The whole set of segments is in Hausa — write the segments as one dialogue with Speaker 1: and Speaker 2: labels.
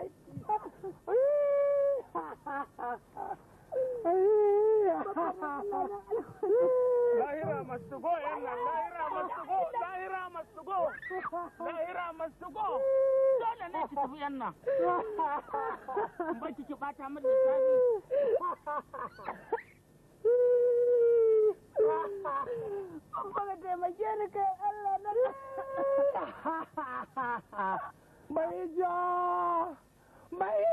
Speaker 1: Lahira
Speaker 2: must go, Lahira must go. Lahira must go. Lahira must go. Dole ne ki tafi da
Speaker 1: sani. Ba ka Mai ja. mai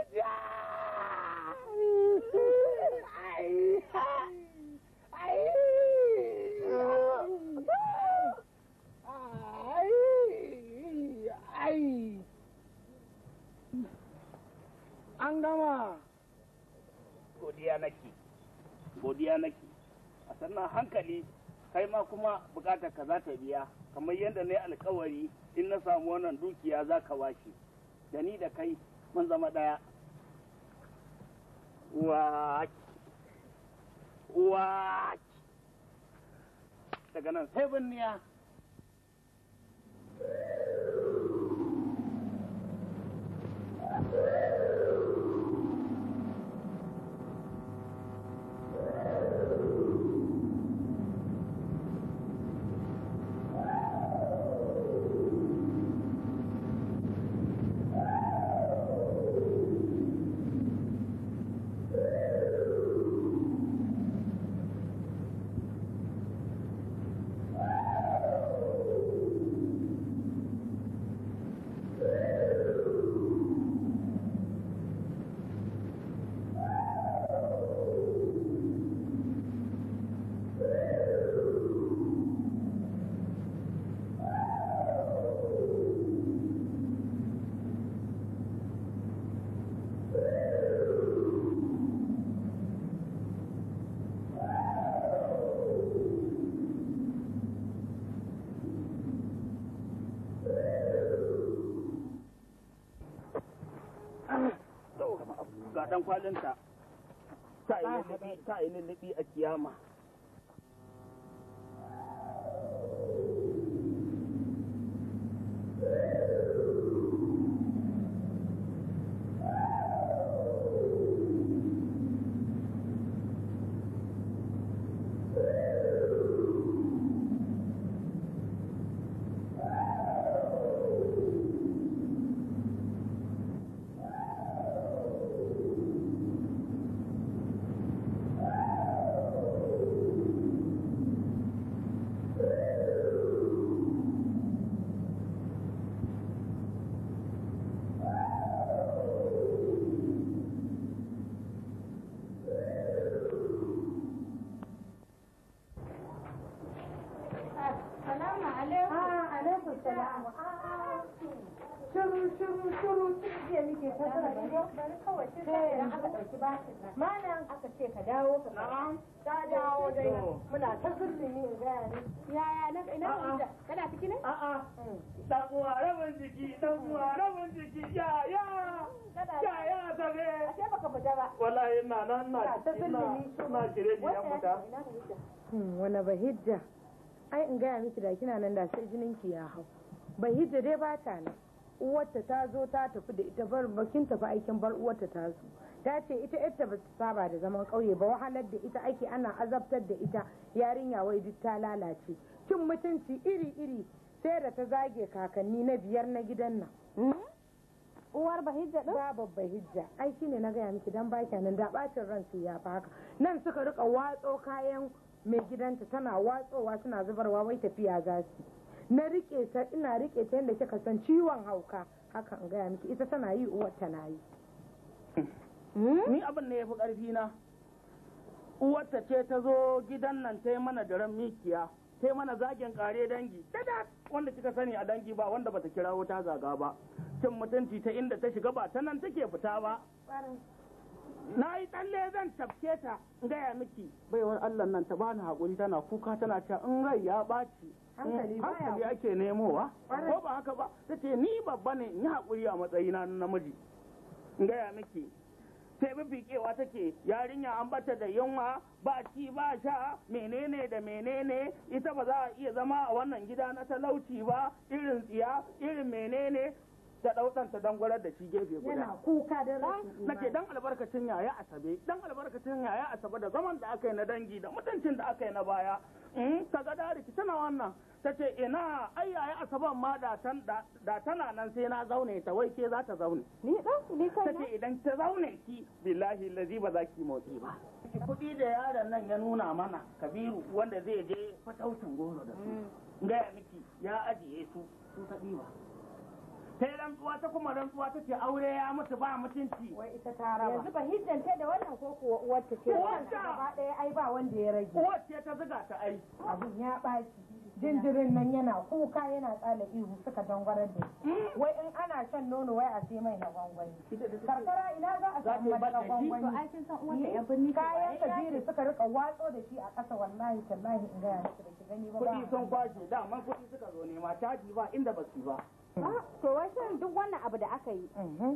Speaker 1: an gama
Speaker 2: godiya nake godiya nake a sannan hankali kai ma kuma bukatar ka za ta biya kamar yadda na yi alkawari in na samu wannan dukiya za ka washe da ni da kai mun zama ɗaya uwa daga nan sai binniya Yeah. ɗan kwalinta ta yi lullubi a kiyama
Speaker 1: bari kawai shi sai idan aka ɗauki bashin nan malam aka ce ka dawo ka ta dawo dai muna ta ne in gaya ne yaya na ina da kana ciki ne a'a dan hmm. uwa rabin
Speaker 2: jiki dan uwa hmm. rabin jiki ya ya ya ya sabe ashe baka fita ba wallahi ina nan na ta zulmi ina kire ji ya fita hmm, wani bahijja ai in gaya miki da kina nan da sai jinin ki ya hau bahijja dai ba ta nan uwarta ta zo ta tafi da ita bar bakin tafi aikin bar uwarta ta zo ta ce ita ita ba ta saba da zaman kauye ba wahalar da ita ake ana azabtar da ita yarinya wai duk ta lalace cin mutunci iri iri sai da ta zage kakanni na biyar na gidan nan hmm? uwar bahijja din ba babba hijja ai shine na gaya miki dan baki nan da bacin ran su ya haka nan suka rika watso kayan mai gidanta tana watsowa suna zubarwa wai tafiya za na rike ta ina rike ta yadda kika san ciwon hauka haka in gaya miki ita tana yi uwar ta na yi hmm? ni abin da ya fi ƙarfi na uwarta ce ta zo gidan nan ta yi mana daren mikiya ta yi mana zagin kare dangi wanda kika sani a dangi ba wanda bata kirawo ta zaga ba cin mutunci ta inda ta shiga ba ta nan take fita ba na yi tsalle zan tafke ta gaya miki baiwar allah nan ta bani hakuri tana kuka tana cewa in rai ya ɓaci hankali ake nemowa ko ba haka ba ta ce ni babba ne in yi haƙuri a matsayi na namiji in gaya miki sai ta take yarinya an bata da yunwa ba ci ba sha menene da menene ita ba za a iya zama a wannan gida na talauci ba irin tsiya irin menene ta ɗaukanta don gwarar da shi gefe guda. Yana kuka da rashin Na ke dan albarkacin yaya asabe, dan albarkacin yaya asabe da zaman da aka yi na dangi da mutuncin da aka yi na baya. Hmm, ka ga dariki tana wannan ta ce ina ai yayi asaban ma da tana nan sai na zaune ta wai ke za ta zaune ni dan ni kai ta ce idan ta zaune ki billahi lazi ba za ki motsi ba kuɗi da yaron nan ya nuna mana kabiru wanda zai je fataucin goro da su hmm. gaya miki ya ajiye su su ta ba. ta rantsuwa ta kuma rantsuwa ta ce aure ya mutu ba mutunci wai ita ta raba yanzu ba hiddance da wannan ko kuwa uwarta ce wanda gaba daya ai ba wanda ya rage uwarta ta zuga ta ai abun ya ɓaci jinjirin nan yana kuka yana tsala ihu suka dangwarar da hmm? wai in ana shan nono wai a sai mai na gwangwani karkara ina za a samu madara gwangwani kayan sabiri suka rika watso da shi a ƙasa wallahi tallahi in gaya musu da shi gani ba kuɗi sun kwashe daman kuɗi suka zo ma caji ba inda ba su ba Mm. Ah, to wai shin duk wannan abu da aka yi mm-hmm.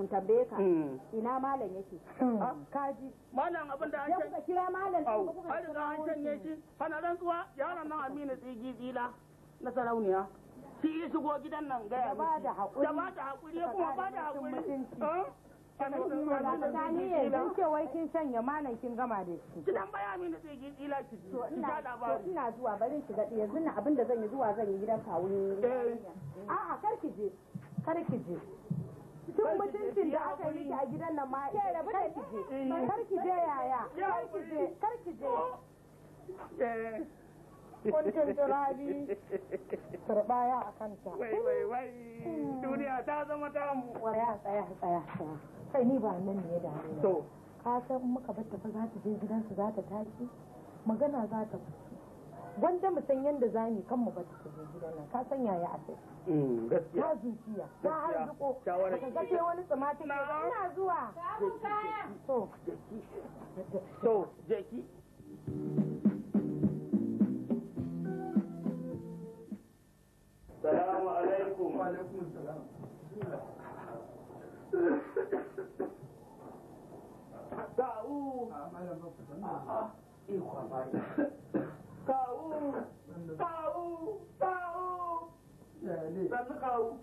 Speaker 2: in tambaye ka mm. ina malam yake mm. ah, kaji malam abin da kira malam kuka rantsuwa yaron nan Aminu tsigi tsila na sarauniya shi shigo gidan nan gaya miki da ba da kuma ba da
Speaker 3: Sani yanzu ce
Speaker 2: wai kin shanya malam kin gama da shi. Kidan baya min da ki so ina labari. ina zuwa bari ki daɗe yanzu na abinda zan yi zuwa zan yi gidan kawun. Eh. A'a kar ki je kar ki je. Tun mutuncin da aka yi a gidan nan ma ke rabu eh. ki je. Kar ki je yaya. Kar ki je kar ki je.
Speaker 3: Kuntun turabi
Speaker 2: turbaya a kanta. Wai wai wai hmm. duniya ta zama Wai tsaya tsaya tsaya. kai ni ba nan ne ya dame to ka san muka bar tafi za ta je gidansu za ta tashi magana za ta fito gwanda mu san za mu kan mu bata ta je gidan nan ka san yaya ake mm, sai gaskiya zuciya ka ga sai wani ina zuwa to to jeki kawu ikwa bai kawu kawu
Speaker 1: kawu
Speaker 2: sannu kawu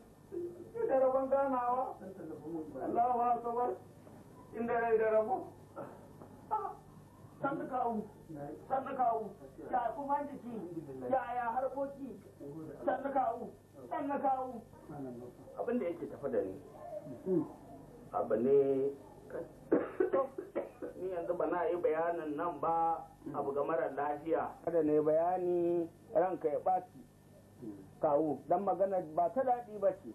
Speaker 2: da rabon ganawa kawu sannu kawu ya kuma jiki ya harkoki sannu kawu sannu kawu yake tafi da abu ne ni yanzu ba na yi bayanin nan ba abu ga marar lafiya kada ne bayani ranka ya ɓaci kawo don magana ba ta daɗi ba ce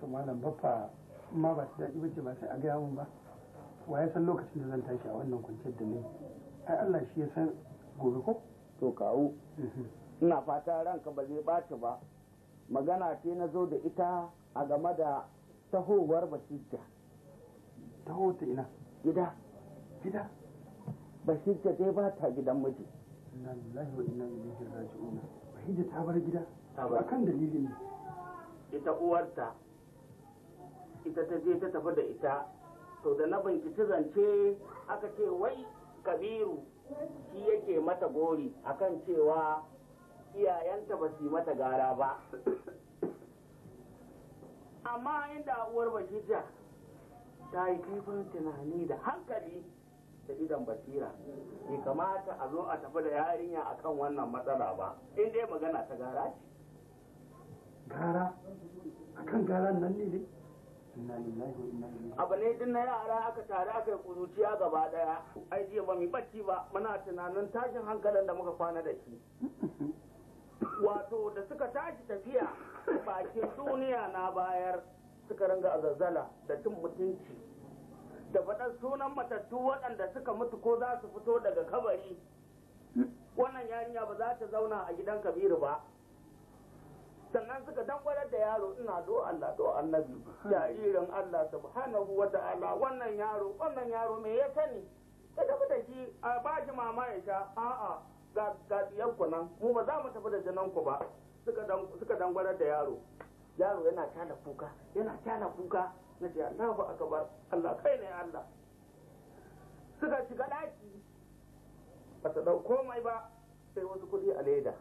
Speaker 2: to malam baffa ma ba ta daɗi ba ce ba sai a gaya mun ba wa ya san lokacin da zan tashi a wannan kwanciyar da ne ai Allah shi ya san gobe ko to kawo mhm. ina fata ranka ba zai ɓaci ba magana ce na zo da ita a game da tahowar bahijja taho ina gida gida bahijja dai ba ta gidan miji inna ta bar gida a kan dalilin ita uwarta ita ta je ta tafi da ita to da na binciki zance aka ce wai kabiru shi yake mata gori akan cewa iyayenta ba su yi mata gara ba amma inda uwar basija ta yi kifin tunani da hankali da idan basira bai kamata a zo a tafi da yarinya a kan wannan matsala ba in dai magana ta gara ce
Speaker 3: gara kan garan nan ne ne abu
Speaker 2: ne din na yara aka tare aka yi kuruciya gaba daya ai jiya ba mu bacci ba muna tunanin tashin hankalin da muka kwana da shi wato da suka tashi tafiya bakin duniya na bayar suka ringa zazzala da cin mutunci da faɗar sunan matattu waɗanda suka mutu ko za su fito daga kabari wannan yarinya ba za ta zauna a gidan kabiru ba sannan suka dangwarar da yaro ina do Allah do annabi jaririn Allah subhanahu wa ta'ala wannan yaro wannan yaro me ya sani ka tafi da shi a ba shi mama ya sha a'a ga ga nan mu ba za mu tafi da jinan ku ba suka dangwarar da yaro yaro yana tana kuka yana tana kuka na ce Allahu akbar Allah kai ne Allah suka shiga daki ba ta dau komai ba sai wasu kuɗi a leda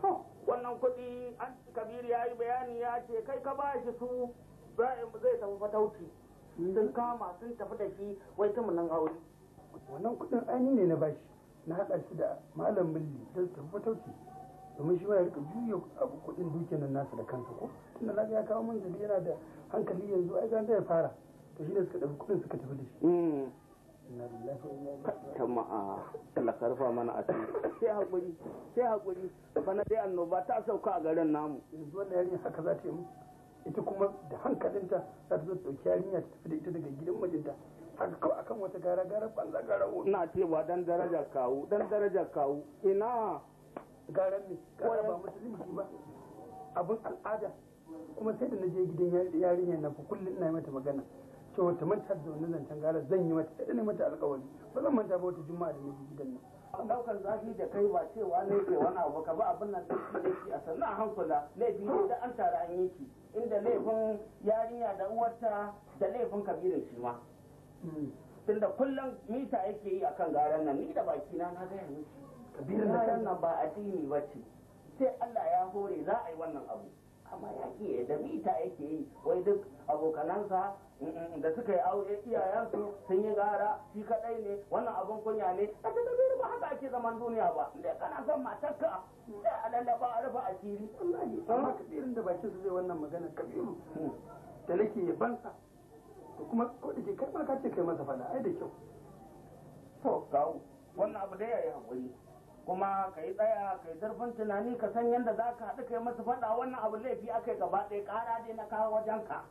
Speaker 2: to wannan kuɗi an kabir ya yi bayani ya ce kai ka ba shi su zai tafi fatauci sun kama sun tafi da shi wai ta nan aure wannan kuɗin aini ne na bashi na haɗa shi da malam milli don tafi fatauci domin shi ma ya rika juya abu kuɗin dukiyar nan nasa da kansa ko tunda na ya kawo min zabi yana da hankali yanzu ai zan da ya fara to shi ne suka ɗauki kuɗin suka tafi da shi kama a lakarfa mana a cikin sai haƙuri sai haƙuri bana dai annoba ta sauka a garin namu yanzu wannan yarinya haka za ta yi ita kuma da hankalinta za ta zo ta ɗauki yarinya ta tafi da ita daga gidan majinta. haka kawai akan wata gara gara banza gara na ce ba dan daraja kawu dan daraja kawu ina garan ne gara ba musulunci ba abin al'ada kuma sai da na je gidan yarinyar na kullum ina mata magana cewa ta manta da wannan zancen gara zan yi mata ɗaya mata alƙawari ba zan manta ba wata juma'a da naje gidan nan. daukar zafi da kai ba cewa ne ke wani abu ka ba abin nan da ke a sannan a hankula laifi ne da an tara an yi shi inda laifin yarinya da uwarta da laifin kabilar shi ma. Hmm. Tunda kullum mita yake yi akan garan nan ni da baki na na gaya miki. kabirar nan ba addini ba ce sai Allah ya hore za a yi wannan abu amma ya ki ya da mita yake yi wai duk abokanansa mm, mm, mm, da suka yi aure iyayensu sun yi gara shi kadai ne wannan abun kunya ne a ta tafi ba haka ake zaman duniya ba da kana son matarka da a ba a rufe asiri wallahi amma kabirin da bakin su zai wannan magana kabiru hmm. da nake yabansa to kuma ko da ke kai ma ka ce kai masa fada ai da kyau to kawo wannan abu da yi hakuri kuma ka yi tsaya ka yi zurfin tunani ka san yadda za ka haɗu ka yi masu faɗa wannan abu laifi aka yi gaba ɗaya ƙara dai na kawo wajen ka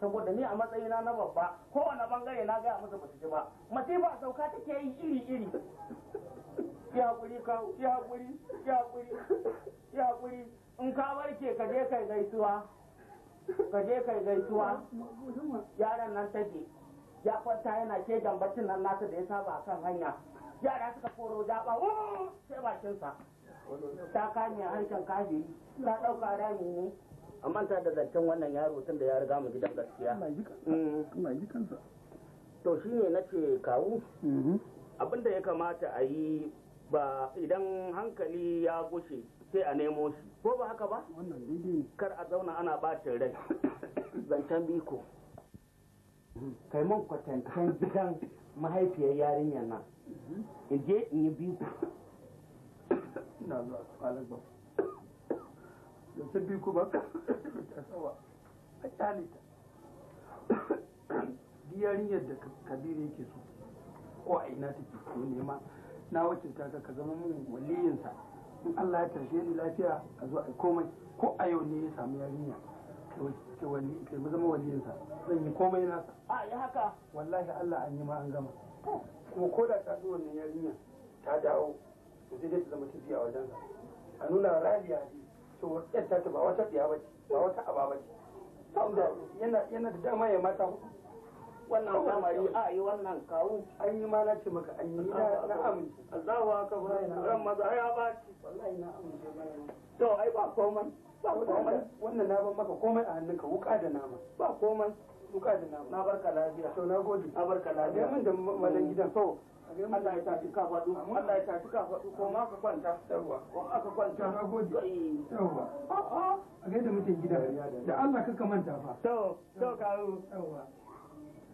Speaker 2: saboda ni a matsayina na babba kowane bangare na gaya masa basu ji ba ba sauka take yi iri iri ya haƙuri kawo ya haƙuri ya haƙuri ya haƙuri in ka barke ka je kai gaisuwa ka je kai gaisuwa yaran nan take ya kwanta yana ke gambacin nan nasa da ya saba a kan hanya yara suka koro zaɓa oh! sai sa ta kanya harshen kaji ta ɗauka rami ne a manta da zancen wannan yaro tun da ya riga mu gidan gaskiya mm. to shine na ce kawu mm-hmm. abinda ya kamata a yi ba idan hankali ya gushe sai a nemo shi ko ba haka ba kar a zauna ana bacin rai zancen biko kai mun kwatanta gidan mahaifiyar yarinyar nan in je in yi biyu na zuwa kwalar ba da su biyu kuma ta sawa a kyale ta yarinyar da kabiru yake so ko a ina take ko nema na wace ta ka zama mun waliyinsa in Allah ya tarshe ni lafiya a zo a ko a yau ne ya samu yarinya ke wali ke zama waliyinsa zan yi komai nasa a yi haka wallahi Allah an yi ma an gama kuma ko da ta zuwa wannan yarinya ta dawo to zai zai ta zama tafiya wajen a nuna rabiya ne cewa yadda ta ba wata tsiya ba ba wata aba ba ce yana da dama ya mata hudu wannan samari a yi wannan kawo an yi ma na ce maka an yi na amince ran maza ya wallahi na amince mana to ai ba komai ba komai wannan na ban maka komai a hannunka wuka da nama ba komai wuka da nama na barka lafiya to na gode na barka lafiya mun da gidan to Allah ya tafi ka faɗu Allah ya tafi ka faɗu ko ma ka kwanta ko aka kwanta na gode a ga mutum gida da Allah fa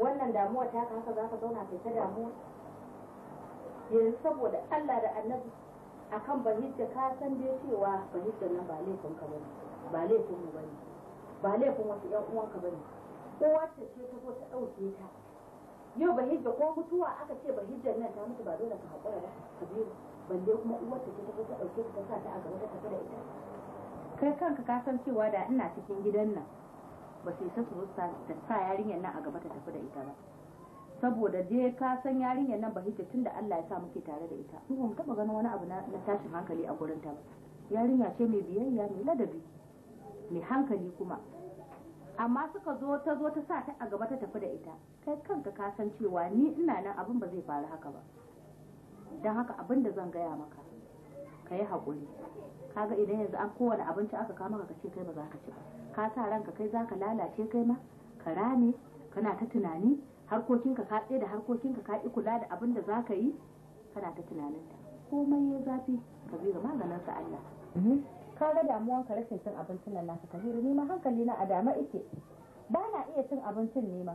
Speaker 2: wannan damuwa ta haka za ka zauna kai ta damuwa yanzu saboda Allah da annabi akan bahijja ka san dai cewa bahijja nan ba laifin ka bane ba laifin mu bane ba laifin wasu ƴan uwanka bane kowa ta ce ta zo ta ɗauke ta yau bahijja ko mutuwa aka ce bahijjar nan ta mutu ba dole ka haƙura ba ka biyu balle kuma uwar ta ce ta zo ta ɗauke ta ta sa ta a gaba ta tafi da ita kai kanka ka san cewa da ina cikin gidan nan ba su isa su ta sa yarinyar nan a gaba ta tafi da ita ba saboda je ka san yarinyar nan ba hijja tun da Allah ya sa muke tare da ita mu mu taba ganin wani abu na tashin hankali a gurin ta ba yarinya ce mai biyayya mai ladabi mai hankali kuma amma suka zo ta zo ta sa ta a gaba ta tafi da ita kai kanka ka san cewa ni ina nan abin ba zai faru haka ba don haka abin da zan gaya maka ka yi haƙuri kaga idan yanzu an kowane abinci aka kama ka ce kai ba za ka ci ba ka sa ranka kai zaka lalace kai ma ka rame kana ta tunani harkokinka ka tsaye da harkokinka ka ƙi kula da abin da zaka yi kana ta tunanin ta komai ya zafi ka bi ga maganin sa Allah mhm. ka ga damuwan ka rashin cin abincin nan naka kabiru ni ma hankali na a dama ike ba na iya cin abincin ne ma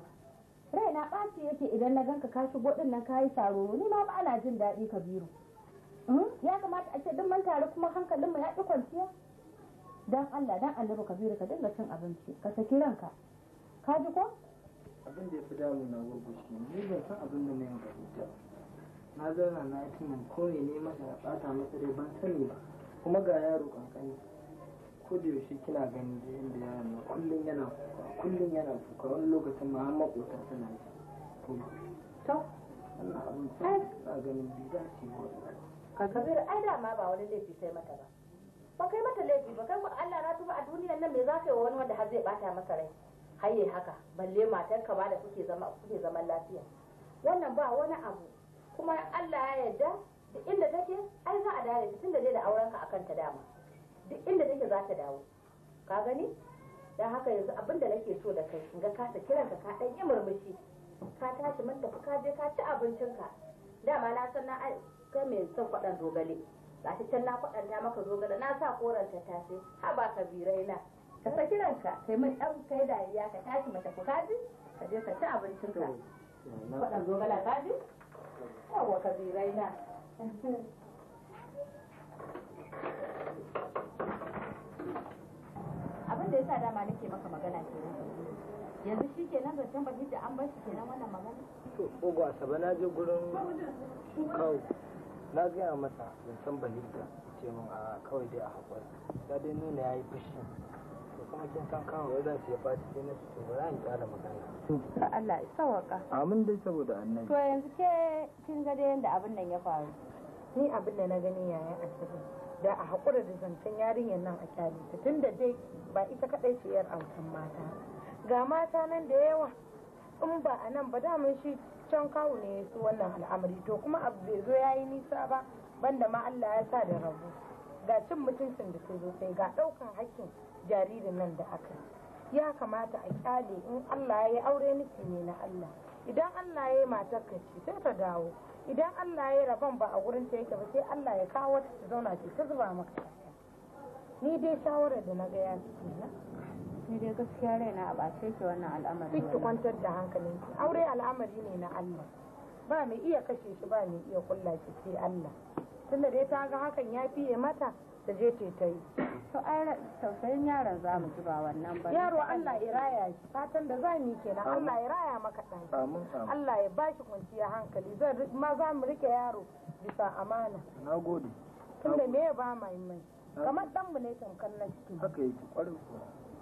Speaker 2: raina ɓaci yake idan na ganka ka shigo din nan ka yi saroro ni ma ba na jin daɗi kabiru mhm. ya kamata a ce duk mun tare kuma hankalinmu ya ƙi kwanciya dan Allah dan Allah ka zira ka dinga cin abinci ka saki ranka ka ji ko
Speaker 3: abin da ya fi damu
Speaker 2: na gurgushi ne ban san abin da na yi ba na zauna na yi tunan ko ne masa ya bata masa dai ban sani ba kuma ga yaro kankani ko da yaushe kina gani da yanda yaron na kullum yana kuka kullum yana kuka wani lokacin ma har makota tana yi to wannan abin sai ga ganin bi dace ko ka kabir ai dama ba wani laifi sai mata ba bakai kai mata laifi ba kai Allah na tuba a duniyar nan me za ka yi wa wani wanda har zai bata masa rai haye haka balle matarka ba da kuke zama kuke zaman lafiya wannan ba wani abu kuma Allah ya yarda duk inda take ai za a dare ta tunda dai da aurenka akan ta dama duk inda take za ta dawo ka gani dan haka yanzu abin da nake so da kai in ga ka ta kiran ka dan yi murmushi ka tashi mun tafi ka je ka ci abincinka dama na san na kai mai son kwadan dogale ga ta can na kwaɗanta maka gada na sa koren tattasai ha ba ka birai na ka saki ranka kai mai ɗan kai dariya ka tashi mata ku kaji ka je ka ci abincin ka
Speaker 4: kwaɗan zogala
Speaker 2: kaji yawwa ka birai na abin da ya sa dama nake maka magana nan yanzu shi ke kenan zancen da an bar shi nan wannan magana to ko na je gurin kawo na gaya masa ban san balita ce min a kawai dai a haƙuri ya dai nuna ya yi fushi to kuma kin san kawai wai za su yi fata sai na su to ba za ƙara magana. Allah ya
Speaker 3: sawaka. amin dai saboda annabi. to
Speaker 2: yanzu ke kin ga dai yanda abin nan ya faru. ni abin da na gani yayan asibi da a haƙura da zancen yarinyar nan a kyale ta tun da dai ba ita kaɗai ce yar autan mata ga mata nan da yawa in ba a nan ba damun shi can kawo ne ya su wannan al'amari to kuma abu bai zo ya yi nisa ba banda ma Allah ya sa da rabu ga cin mutuncin da ke zo sai ga ɗaukan hakkin jaririn nan da aka ya kamata a kyale in Allah ya yi aure miki ne na Allah idan Allah ya yi matar ka ci sai ta dawo idan Allah ya yi rabon ba a gurin ta yake ba sai Allah ya kawo ta zauna ce ta zuba maka ni dai shawarar da na ga ya ciki na ni dai gaskiya raina ba sai ki wannan al'amari ki kwantar da ki aure al'amari ne na Allah ba mai iya kashe shi ba mai iya kulla shi sai Allah tunda dai ta ga hakan ya fiye mata ta je ta ta yi to ai tausayin yaron za mu ji ba wannan ba yaro Allah ya raya shi fatan da za mu yi kenan Allah ya raya maka dan Allah ya bashi kwanciya hankali zan ma za mu rike yaro bisa amana gode tunda me ya ba mai mai kamar dan mu ne tamkar na ciki haka yake kwarin kuwa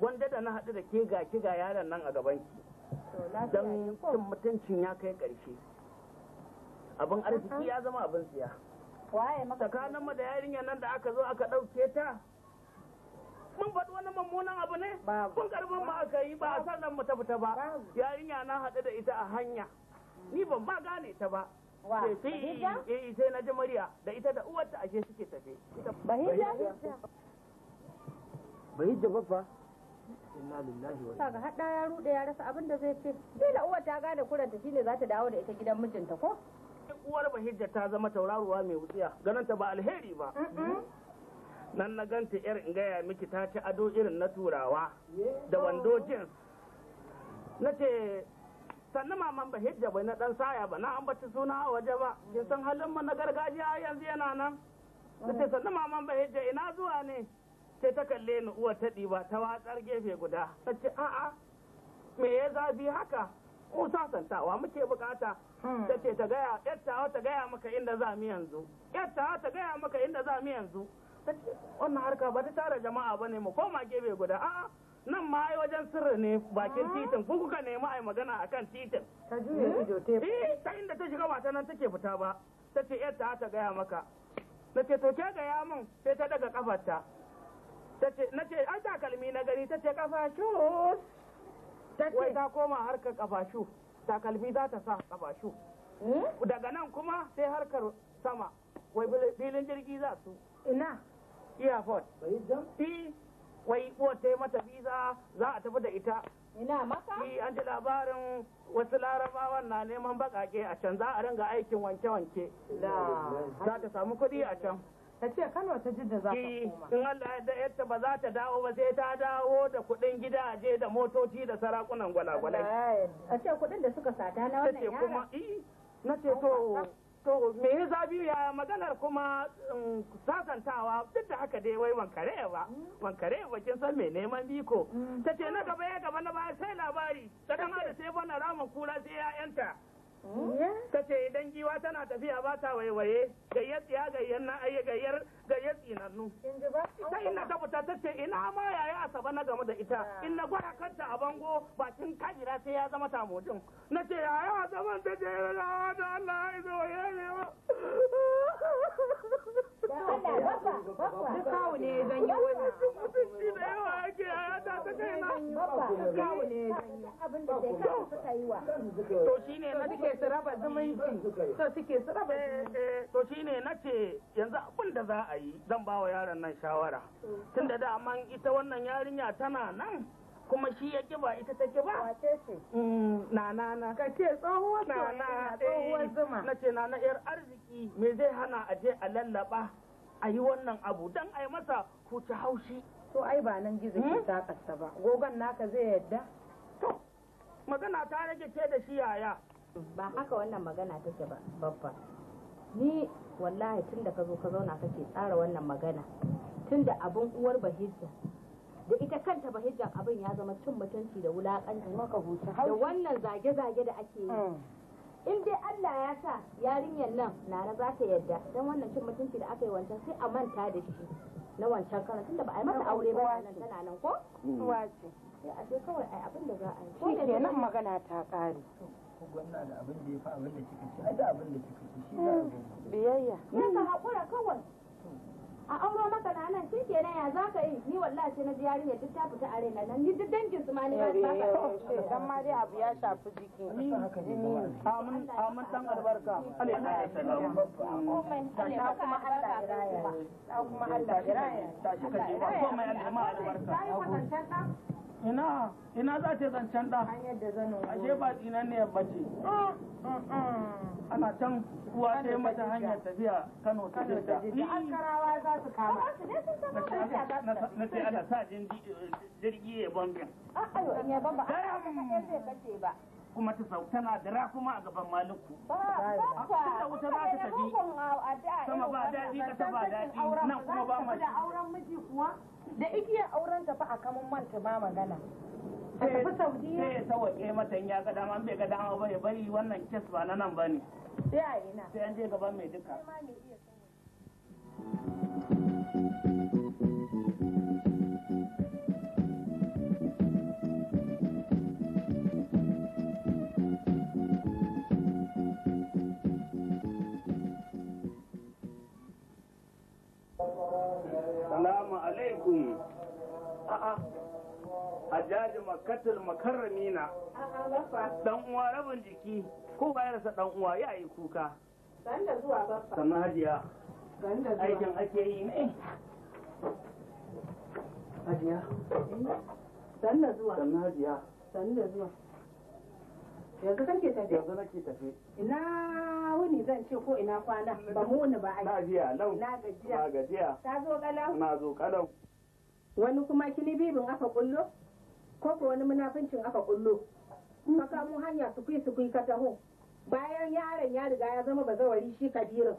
Speaker 2: gwanda da na haɗu da ke ga ki ga yaron nan a gaban ki don cin mutuncin ya kai ƙarshe abin arziki ya zama abin siya tsakanin mu da yarinyar nan da aka zo aka ɗauke ta mun faɗi wani mummunan abu ne kun karɓar mu aka yi ba a san ran mu ta fita ba yarinya na haɗu da ita a hanya ni ban ba gane ta ba sai eh, sai na ji murya da ita da uwarta ashe suke tafe Bahija ba fa. inna lillahi wa ya rude ya rasa abin da zai ce dole uwar ta gane kuranta shine za ta dawo da ita gidan mijinta ko uwar bahijja ta zama tauraruwa mai wutsiya gananta ba alheri ba nan na ganta yar in gaya miki ta ci ado irin na turawa da wando jeans na ce sannu maman bahijja bai na dan saya ba na ambaci suna a waje ba kin san halin mu na gargajiya yanzu yana nan na ce maman bahijja ina zuwa ne sai ta kalle ni uwar ta ɗiba ta watsar gefe guda ta ce a'a me ya zafi haka ko sasantawa muke bukata hmm. ta ce ta gaya yatta ta gaya maka inda za mu yanzu yatta ta gaya maka inda za mu yanzu ta ce wannan harka ba ta tara jama'a bane mu koma gefe guda a'a nan ma ai wajen sirri ne bakin ah. titin ku kuka nemi ai magana akan titin ta juya hmm? ido te eh ta inda ta shiga ba nan take fita ba ta ce yatta ta gaya maka na ce to ke gaya min sai ta daga kafarta na ce an takalmi na gari ta ce kafashu wai ta koma harkar kafashu takalmi za ta sa kafashu hmm? daga nan kuma sai harkar sama wai filin jirgi za su ina iya fort wai uwar ta mata visa za a tafi da ita ina maka fi an ji labarin wasu larabawan na neman bakake a can za a ringa aikin wanke-wanke za ta samu kuɗi a can ta ce kano ta da za ta eh, koma in Allah ya yadda ba za ta dawo ba sai ta dawo da kuɗin gidaje da motoci da sarakunan gwalagwalai a ce kuɗin da suka sata na wannan yara kuma i na ce to to me ya zabi ya maganar kuma um, sasantawa duk da haka dai wai wankare ba mm. wankare ba kin san me neman biko mm. ta ce na gaba ya gaba na baya sai labari ta kama da sai bana ramin kura sai ya yanta ta hmm? ce idan giwa tana tafiya ba ta waiwaye gayyar ya gayyar na ayi gayyar da ya tsinannu sai ina ta fita ta ce ina ma yaya asaba na game da ita ah. in na gwara kanta a bango bakin kajira sai ya zama tamojin na ce yaya asaban ta ce yana da Allah ya zo ya ne ba da yawa ne to shine na suke su raba zumunci eh, eh. to suke su raba to shine na ce yanzu abin da za a yi yi zan ba wa yaron nan shawara tun da dama ita wannan yarinya tana nan kuma shi ya kiba ita ta kiba wace ce mm, na ka ce tsohuwar nana tsohuwar eh. zuma na ce na yar arziki me zai hana a je a lallaba a yi wannan abu don a yi masa huci haushi to ai ba nan gizo ke takasta hmm? ba gogon naka zai yadda to magana ta rage ce da shi yaya ba haka wannan magana take ba babba ni wallahi tun da ka zo ka zauna kake tsara wannan magana tun da abin uwar bahijja da ita kanta bahijjan abin ya zama cin mutunci da wulakanci da wannan zage-zage da ake yi hmm. in dai Allah ya sa yarinyar nan na za ta yarda don wannan cin mutunci da aka yi wancan sai a manta da shi na wancan karan tunda ba a yi mata aure ba nan tana nan ko? a a abin ta kare gwamna da abin da ya fi abin da kika ci ai da abin da kika ci shi za a mm, biyayya ya ka hakura kawai a auro maka na nan shi kenan ya za ka yi ni wallahi na ji yarinya duk ta fita a nan ni duk dangin su ma ne ba su eh, eh, eh, dan ma dai abu ya shafi jiki mm, amin amin dan albarka Allah ya salamu komai Allah kuma Allah ya raya ta kuma Allah ya raya ta shi ka ji albarka ina ina za ta zancen ɗan hanyar da zanen ashe ba tsinan ne ya ce ah, ah, ah. ana can kuwa ta mata hanyar tafiya kano ta jirga da karawa za su kama na sai ana sa jirgi ya in ya a ba bace ba kuma ta sau tana da rakuma a gaban maliku da wuta za ta tafi sama ba daɗi kasa ba daɗi nan kuma ba mace da auren miji kuwa da igiyar auren ta fa a kamun manta ma magana sai ya sauwaƙe mata ya ga dama bai ga dama ba ya bari wannan kes ba na nan ba ne sai an je gaban mai duka salamu alaikum a'a hajjaji makatul na. dan uwa rabin jiki ko ba ya sa dan uwa ya yi kuka da zuwa baffa sannan hajiya da zuwa aikin ake yi ne hajiya eh? da zuwa sannan hajiya da zuwa yanzu kake tafi yanzu nake tafi ina wuni zan ce ko ina kwana ba mu wuni ba ai na jiya na gajiya na gajiya ta zo kalau na zo kalau wani kuma kini bibin aka kullo ko ko wani munafincin aka kullo ka kamo hanya su kui su kui ka taho bayan yaron ya riga ya zama bazawari shi kabirin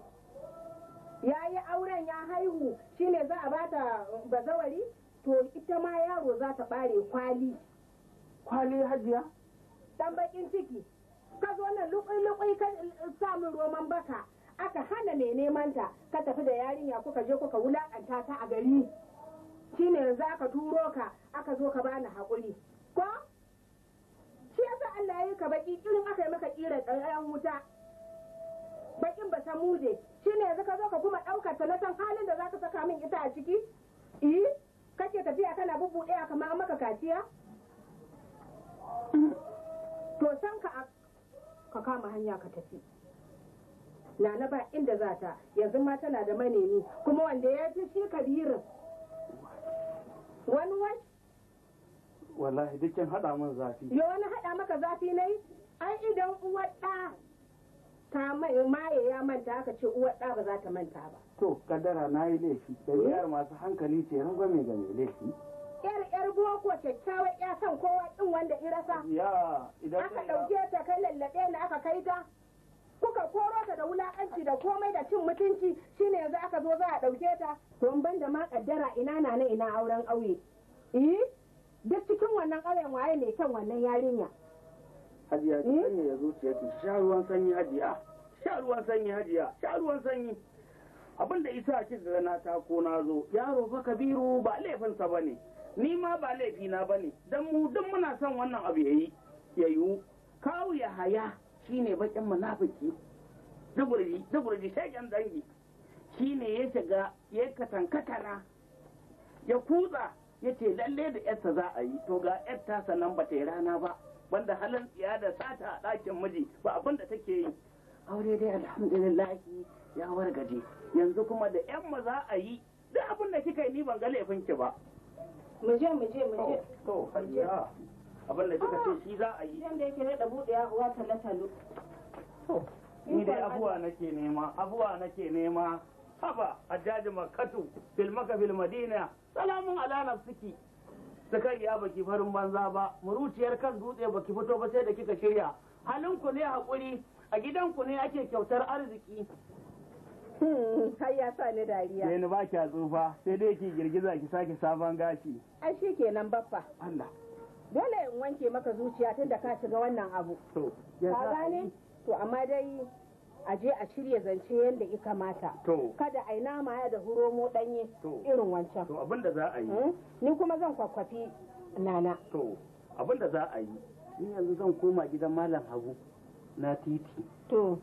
Speaker 2: ya yi auren ya haihu shine za a bata bazawari to ita ma yaro za ta bare kwali kwali hajiya dan bakin ciki ka zo nan lukui-lukui ka eh, samu roman baka aka hana mai neman ta ka tafi da yarinya kuka je kuka wulakanta ta a gari shine yanzu aka turo ka aka zo ka bani haƙuri ko shi yasa Allah ya yi ka baki irin aka yi maka kira ɗayan wuta bakin ba ta muje shine yanzu ka zo ka kuma ɗaukar ta na san halin da zaka saka min ita a ciki eh kake tafiya kana bubbuɗe kamar maka kaciya to san ka ka kama hanya ka tafi nana ba inda za ta yanzu ma tana da manemi kuma wanda ya fi shi kabirin wani wai wallahi dukkan hada min zafi yo wani hada maka zafi na ai idan uwar da ta maye ya manta aka ce uwar da ba za ta manta ba to kaddara nayi laifi da yar masu hankali ce rangwame ga mai laifi yar yar boko kyakkyawar ya san kowa din wanda irasa aka ɗauke ta kai lallabe na aka kai ta kuka koro ta da wulakanci da komai da cin mutunci shine yanzu aka zo za a dauke ta to ban da ma kaddara ina na na ina auren ƙauye eh duk cikin wannan ƙauyen waye mai kyan wannan yarinya hajiya ki eh? sanya ya zuciya ki sha ruwan sanyi hajiya sha ruwan sanyi hajiya sha ruwan sanyi abinda isa ki da na tako na zo yaro fa kabiru ba laifinsa ba ne. ni ma ba laifi na bane dan mu duk muna son wannan abu yayi ya yiwu kawu ya haya shine bakin munafiki dugurji sai zangi dangi shine ya shiga ya katankatana ya kutsa ya lalle da yarsa za a yi to ga yar ta sanan ba ta yi rana ba banda halin tsiya da sata a ɗakin miji ba abin da take yi aure dai alhamdulillah ya wargaje yanzu kuma da yan maza a yi duk abin da kika yi ni ban ga laifin ki ba mu je mu je mu je to hayya abin da kika ce shi za a yi yanda yake rada bude ya uwa talla tallo to ni dai abuwa nake nema abuwa nake nema haba hajjaji makatu fil maka fil madina salamun ala nafsiki sakari ya baki farin banza ba muruciyar kan dutse baki fito ba sai da kika shirya halin ku ne hakuri a gidan ku ne ake kyautar arziki har ya sa ni dariya sai ni ba kya tsufa sai dai ki girgiza ki sake sabon gashi ai shi kenan baffa Allah dole in wanke maka zuciya tun da ka shiga wannan abu to ka gane to amma dai a je a shirya zance yadda ya kamata kada a yi nama ya da huromo danye irin wancan to abin da za a yi hmm? ni kuma zan kwakwafi nana to abin da za a yi ni yanzu zan koma gidan malam hagu na titi to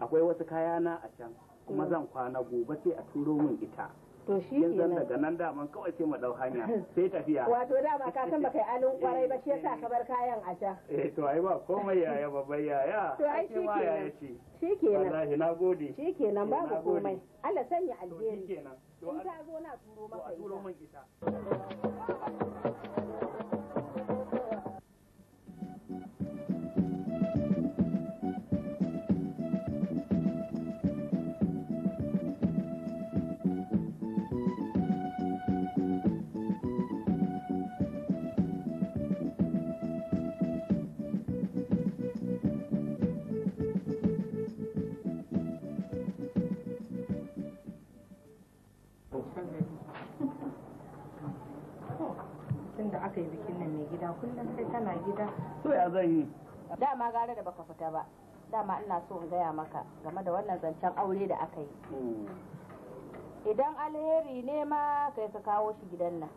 Speaker 2: akwai wasu kayana a can kuma mm. zan kwana gobe sai a turo min ita to shi kenan daga nan da man kawai sai mu dau hanya sai tafiya wato da ba ka
Speaker 5: san baka yi alin kwarai ba shi yasa eh, eh. ka bar kayan a can
Speaker 2: eh to ai ba komai yaya babban yaya to ai shi kenan shi kenan wallahi nagode shi kenan eh, babu komai Allah sanya alheri shi nan to ta zo na turo maka ita yi dama gara da baka fita ba dama ina so in gaya maka game da wannan zancen aure da aka yi mm. idan alheri ne ma kai ka kawo shi gidan nan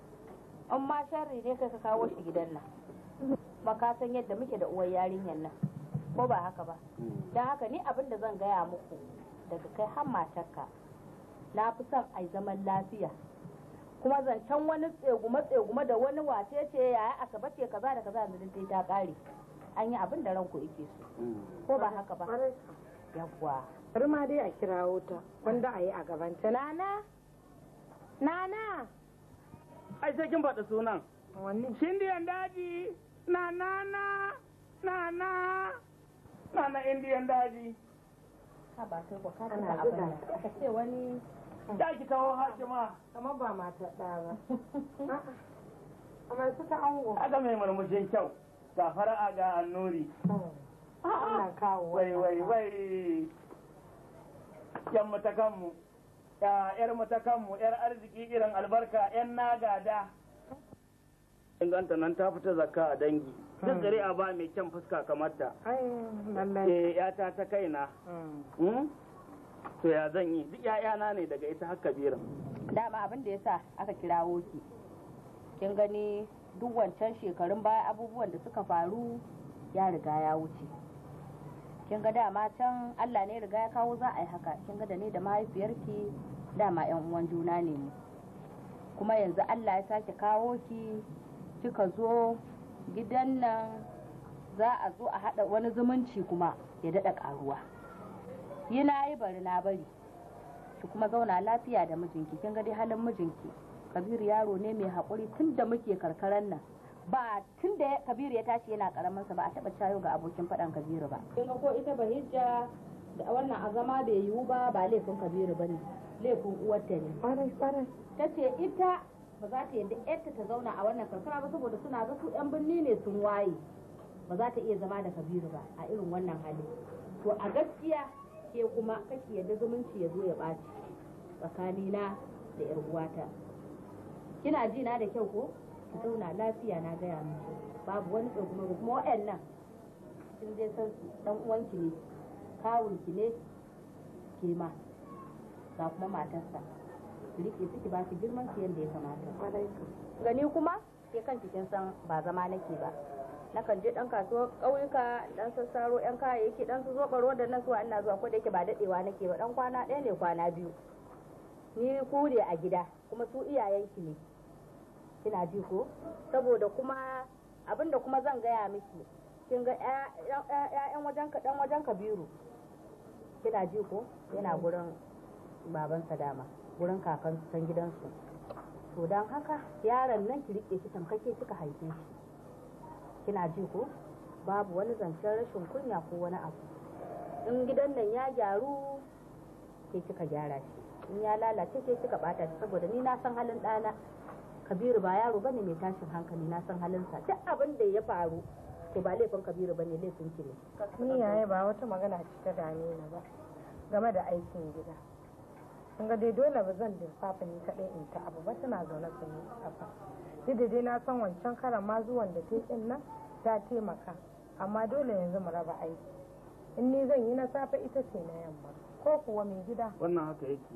Speaker 2: in ma sharri ne kai ka kawo shi gidan nan ka san yadda muke da uwar yarinyar nan ko ba haka ba mm. don haka ni abin da zan gaya muku daga kai har matarka na fi son aizaman zaman lafiya kuma zancen wani tsegume tsegume da wani wace ce yaya asabace kaza da kaza yanzu ta kare an yi abin da ranku yake so mm. ko ba haka ba yawwa bari ma dai a kirawo ta wanda a yi a gabanta nana nana ai sai kin faɗa sunan wannan shindiyan daji Nana na Nana. nana na indiyan daji ka ba kai ko kana da abin ka ce wani da ki kawo hakima kamar ba mata da ba amma ta ango aga mai murmushin kyau safara a ga annuri wai wai wai yan matakanmu yar matakanmu yar arziki irin albarka yan nagada inganta nan ta fita zakka a dangi duk gari a ba mai kyan fuska kamar ta eh yata ta kaina hmm. Hmm? to ya zan yi duk ya'yana ne daga ita haka biran dama abin da yasa aka kirawo ki kin gani duk wancan shekarun baya abubuwan da suka faru ya riga ya wuce kin ga dama can Allah ne riga ya kawo za a yi haka kin ga da ne da mahaifiyarki dama yan uwan juna ne mu kuma yanzu Allah ya sake kawo ki kika zo gidan nan za a zo a haɗa wani zumunci kuma ya daɗa ƙaruwa yi na yi bari na bari ki kuma zauna lafiya da mijinki kin ga dai halin mijinki kabiru yaro ne mai haƙuri tun da muke karkaran nan ba tun da kabiru ya tashi yana karamin sa ba a taba cayo ga abokin faɗan kabiru ba kin ko ita bahijja da wannan azama bai yiwu ba ba laifin kabiru bane laifin uwarta ne farai farai tace ita ba za ta yadda yarta ta zauna a wannan karkara ba saboda suna ga su yan birni ne sun waye ba za ta iya zama da kabiru ba a irin wannan hali to a gaskiya ke kuma kake yadda zumunci ya zo ya ɓaci tsakanina da 'yar uwata kina ji na da kyau ko ki zauna lafiya na gaya muku babu wani tsogumaro kuma waɗannan
Speaker 1: kin dai san dan uwanki
Speaker 2: ne kawunki ne ke ma ga kuma matarsa ki rike su ki ba ki girman ki yadda ya kamata gani kuma ke kan kin san ba zama nake ba nakan je dan kasuwar ƙauyuka dan sassaro yan kayayyaki dan su zobaro da nan zuwa ina zuwa ko da yake ba dadewa nake ba dan kwana ɗaya ne kwana biyu ni ku ne a gida kuma su iyayenki ne kina ji ko saboda kuma abinda kuma zan gaya miki kin ga ƴaƴan wajen ka dan wajen Kabiru kina ji ko yana gurin babansa dama gurin kakan san gidansu to dan haka yaron nan ki rike shi tamkake kika haife shi kina ji ko babu wani zancen rashin kunya ko wani abu in gidan nan ya gyaru ke kika gyara shi in ya lalace ke kika bata shi saboda ni na san halin ɗana kabiru ba yaro bane mai tashin hankali na san halinsa duk abin da ya faru to ba laifin kabiru bane laifin ki ne ni yaye ba wata magana ce ta dame ni ba game da aikin gida kun ga dai dole ba zan lissafa ni kaɗai in ta abu ba tana zaune yi kafa duk da dai na san wancan karan ma zuwan da din nan ta taimaka amma dole yanzu mu raba aiki in ni zan yi na safe ita ce na yamma ko kuwa mai gida wannan haka yake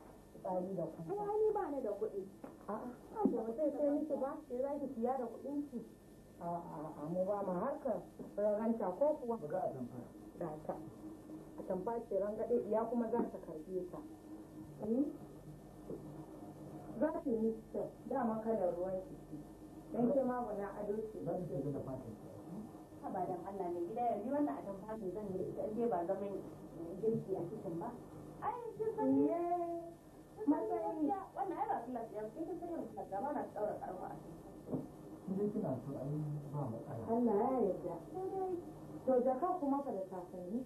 Speaker 2: tsari da kuma.
Speaker 1: Ai ni ba ni da kuɗi. A'a. Ajiya ba sai sai miki ba, sai za ki siya da kuɗin ki.
Speaker 2: A'a, mu ba ma harka raganta ko kuwa. Buga a tamfa. Da ta. A tamfa ce rangaɗe ya kuma za ta karɓe ta. Hmm? Za ki yi ta dama kalar ruwan ki. Dan ke ma wani ado ce. Za ki ce da fatan. Abadan Allah ne gida yanzu wannan a tamfa zan yi ita ba zaman girki a cikin ba. Ai, kin san
Speaker 1: matsayin wannan Allah ya to
Speaker 2: jaka kuma fa da takalmi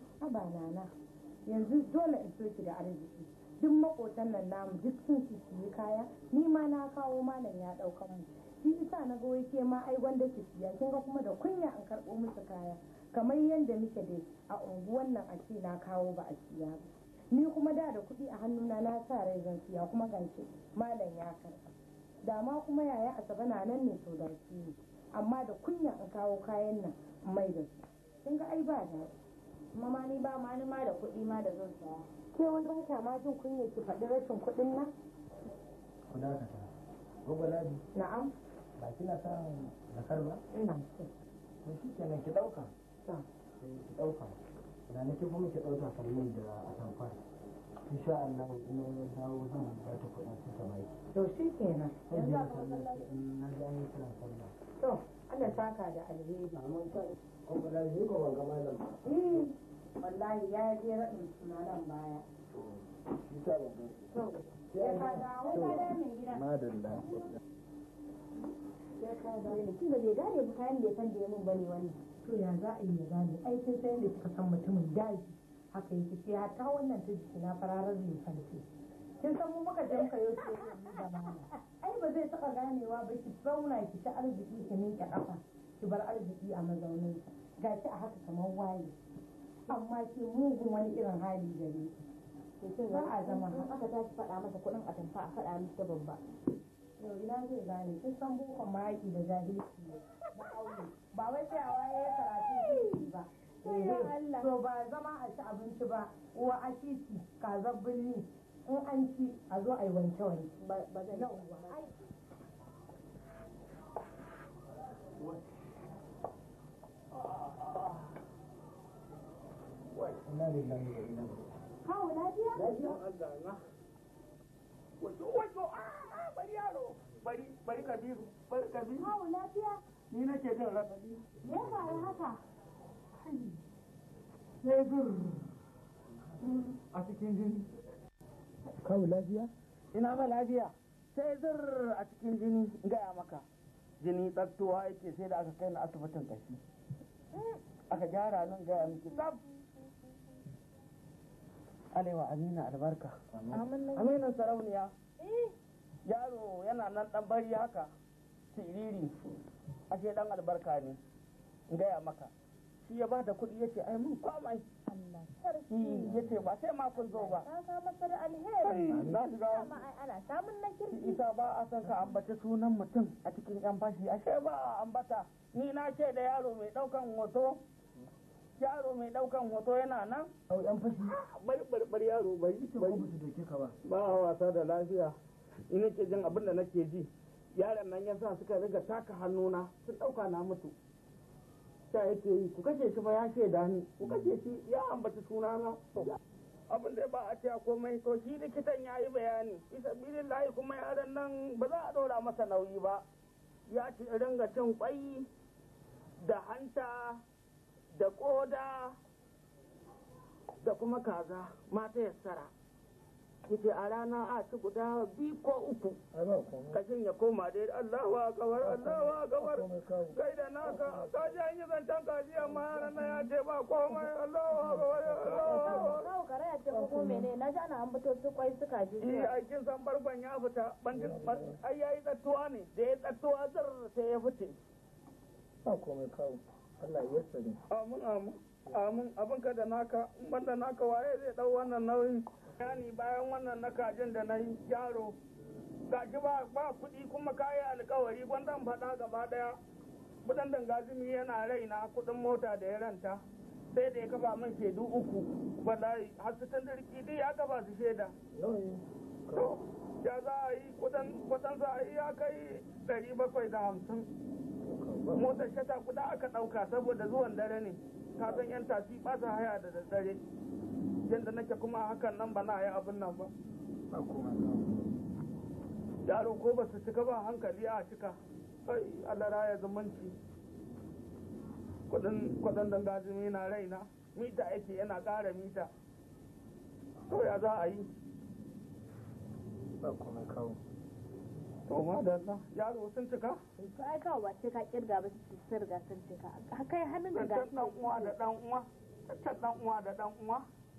Speaker 2: yanzu dole in soki da arziki duk makotan nan namu duk sun su yi kaya ni ma na kawo malam ya daukan mu shi isa na ga wai ma ai wanda ki siya kin ga kuma da kunya an karbo musu kaya kamar yadda muke dai a unguwan nan a ce na kawo ba a siya ba ni kuma da da kuɗi a hannuna na sa rai zan siya kuma ganshi malam ya karɓa da ma kuma yaya asabe na nan ne to da ne, amma da kunya in kawo kayan nan mai da su kin ga ai ba da ma ni ba ma ni ma da kuɗi ma da zan saya ke wani ba ta ma jin kunya ki faɗi rashin kuɗin nan ku da ka gogo ladi na'am ba kina sa zakar ba ina ce ko shi kenan ki ɗauka eh, ki
Speaker 1: ɗauka ranakin kuma ke ɗauka kallon da atamfar insha Allah in ya dawo zan ba ta kuɗin su ta baki to shi kenan yanzu za ka na ga an yi kiran sallah
Speaker 2: to Allah saka da alheri amma ta kuma da shi ko ban ga malam hmm, wallahi ya je raɗin tunanan baya
Speaker 1: to shi ta ban to ya ka dawo ka da mai gida madalla
Speaker 2: ya ka dawo ne kin da bai gane bukayan da ya san da ya mun bane wani to ya za a yi ya gane ai sai san kika san mutumin daji haka yake sai ta wannan ta jiki na fararar limfan ce kin san mu muka je muka yau ce da mana ai ba zai saka ganewa ba ki zauna ki ta arziki ki ninke kafa ki bar arziki a mazaunin ga ki a haka kamar waye amma ki mugun wani irin hali gare ki ba a zama haka ta faɗa masa kuɗin atamfa a faɗa miki babba na ina zai gane sun san bukon maki da jahilci ne
Speaker 1: ba wai sai a waye ya karatu ba to ba zama a ci abinci ba uwa a titi kazan birni in
Speaker 2: an ci a zo a yi ba zai Kawo lafiya? Lafiya Allah na. bari bari kabiru bari kabiru hawo lafiya ni nake jin raɗaɗi Ya faru haka sai zur
Speaker 1: a cikin jini
Speaker 2: kawo lafiya ina ba lafiya sai zur a cikin jini gaya maka jini tsaftuwa yake sai da aka kai na asibitin kashi eh. aka gyara nan gaya miki tsaf alewa amina albarka amina sarauniya eh. yaro yana nan dan bari haka siriri ashe dan albarka ne gaya maka shi ya ba da kuɗi ya ce ai mun komai hmm, ya ce ba sai ma kun zo ba
Speaker 1: ka masar alheri na shiga ana samun na kirki
Speaker 2: isa ba a san ka ambata sunan mutum a cikin yan fashi ashe ba a ambata ni na ce da yaro mai daukan hoto yaro mai daukan hoto yana nan yan fashi ah, bari bari yaro bari bari ba a wasa da lafiya in nake jin abin da nake ji yaran nan yasa suka riga taka hannuna sun ɗauka na mutu ta yake yi ku kashe shi ba ya ce da ni ku kashe shi ya ambaci sunana abin da ba a ce komai to shi likitan ya yi bayani isa layi kuma yaran nan ba za a ɗora masa nauyi ba ya ci dinga cin kwai da hanta da ƙoda da kuma kaza mata yassara kiji a rana a ci guda biyu ko uku kashin ya koma dai Allahu allah wa akbar kai da naka ka ji an yi zantan kaji amma yaran na ya ce ba komai Allahu allah wa. akbar kare ya ce ko mene na ji ana ambato su kwai su kaji eh ai kin san barban ya fita bandin ai yayi tsattuwa ne da ya tsattuwa zar sai ya fice
Speaker 1: ba komai kawo
Speaker 2: Allah ya tsare amin amin amin abin ka da naka banda naka waye zai dau wannan nauyin yani bayan wannan na kajin da na yi yaro gaji ba ba kuɗi kuma kayi alkawari gwandan faɗa gaba ɗaya budan dangazimi yana raina kuɗin mota da ya ranta sai da ya kafa min shaidu uku wallahi har su tandarki duk ya kafa su shaida za a yi za a yi ya kai ɗari bakwai da hamsin motar shata kuda aka ɗauka saboda zuwan dare ne ka yan tasi ba su haya da daddare da nake kuma hakan nan ba na yi abin nan ba yaro ko ba su cika ba hankali a cika ai alara ya zumunci kudin dangajin na raina mita yake yana ƙara mita to ya za a yi ba kuma kawo to ma da Allah yaro sun cika to ai kawo ba cika kirga ba su sirga sun cika kai hannun da ga dan uwa da dan uwa tattan dan uwa da dan uwa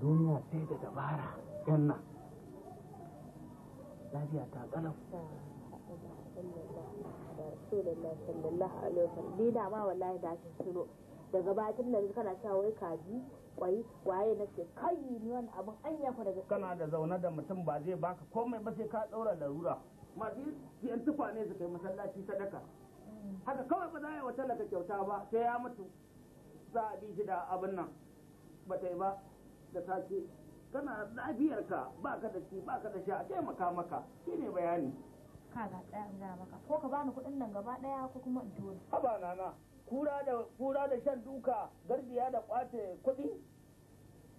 Speaker 2: duniya sai da dabara yan nan
Speaker 1: lafiya ta kalau da
Speaker 2: ma wallahi da shi shiro daga bakin da kana sa wai kaji kwai waye na ce kai ni wani abin an yafa daga kana da zaune da mutum ba zai baka komai ba sai ka daura larura masu yan tufa ne su kai masallaci sadaka haka kawai ba za a yi wa talaka kyauta ba sai ya mutu za a bi shi da abin nan ba ta yi ba da safe kana lafiyarka ba ka da ci ba ka da sha a taimaka maka ne bayani ga tsaya an gaya maka ko ka bani kuɗin nan gaba ɗaya ko kuma in dole ba nana kura da kura da shan duka gardiya da kwace kuɗi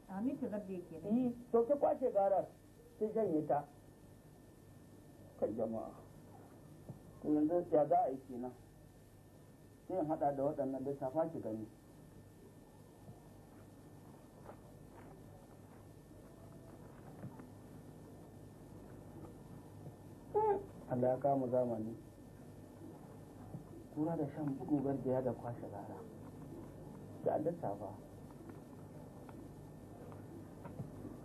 Speaker 2: amin ta gardiya ke yi eh, to ki kwace garar ki janye ta kan jama'a yanzu ya za a yi kenan sai in haɗa da waɗannan da safa ki gani Allah ya kama zamani kura da shan bugu garjiya da kwashe gara da allata ba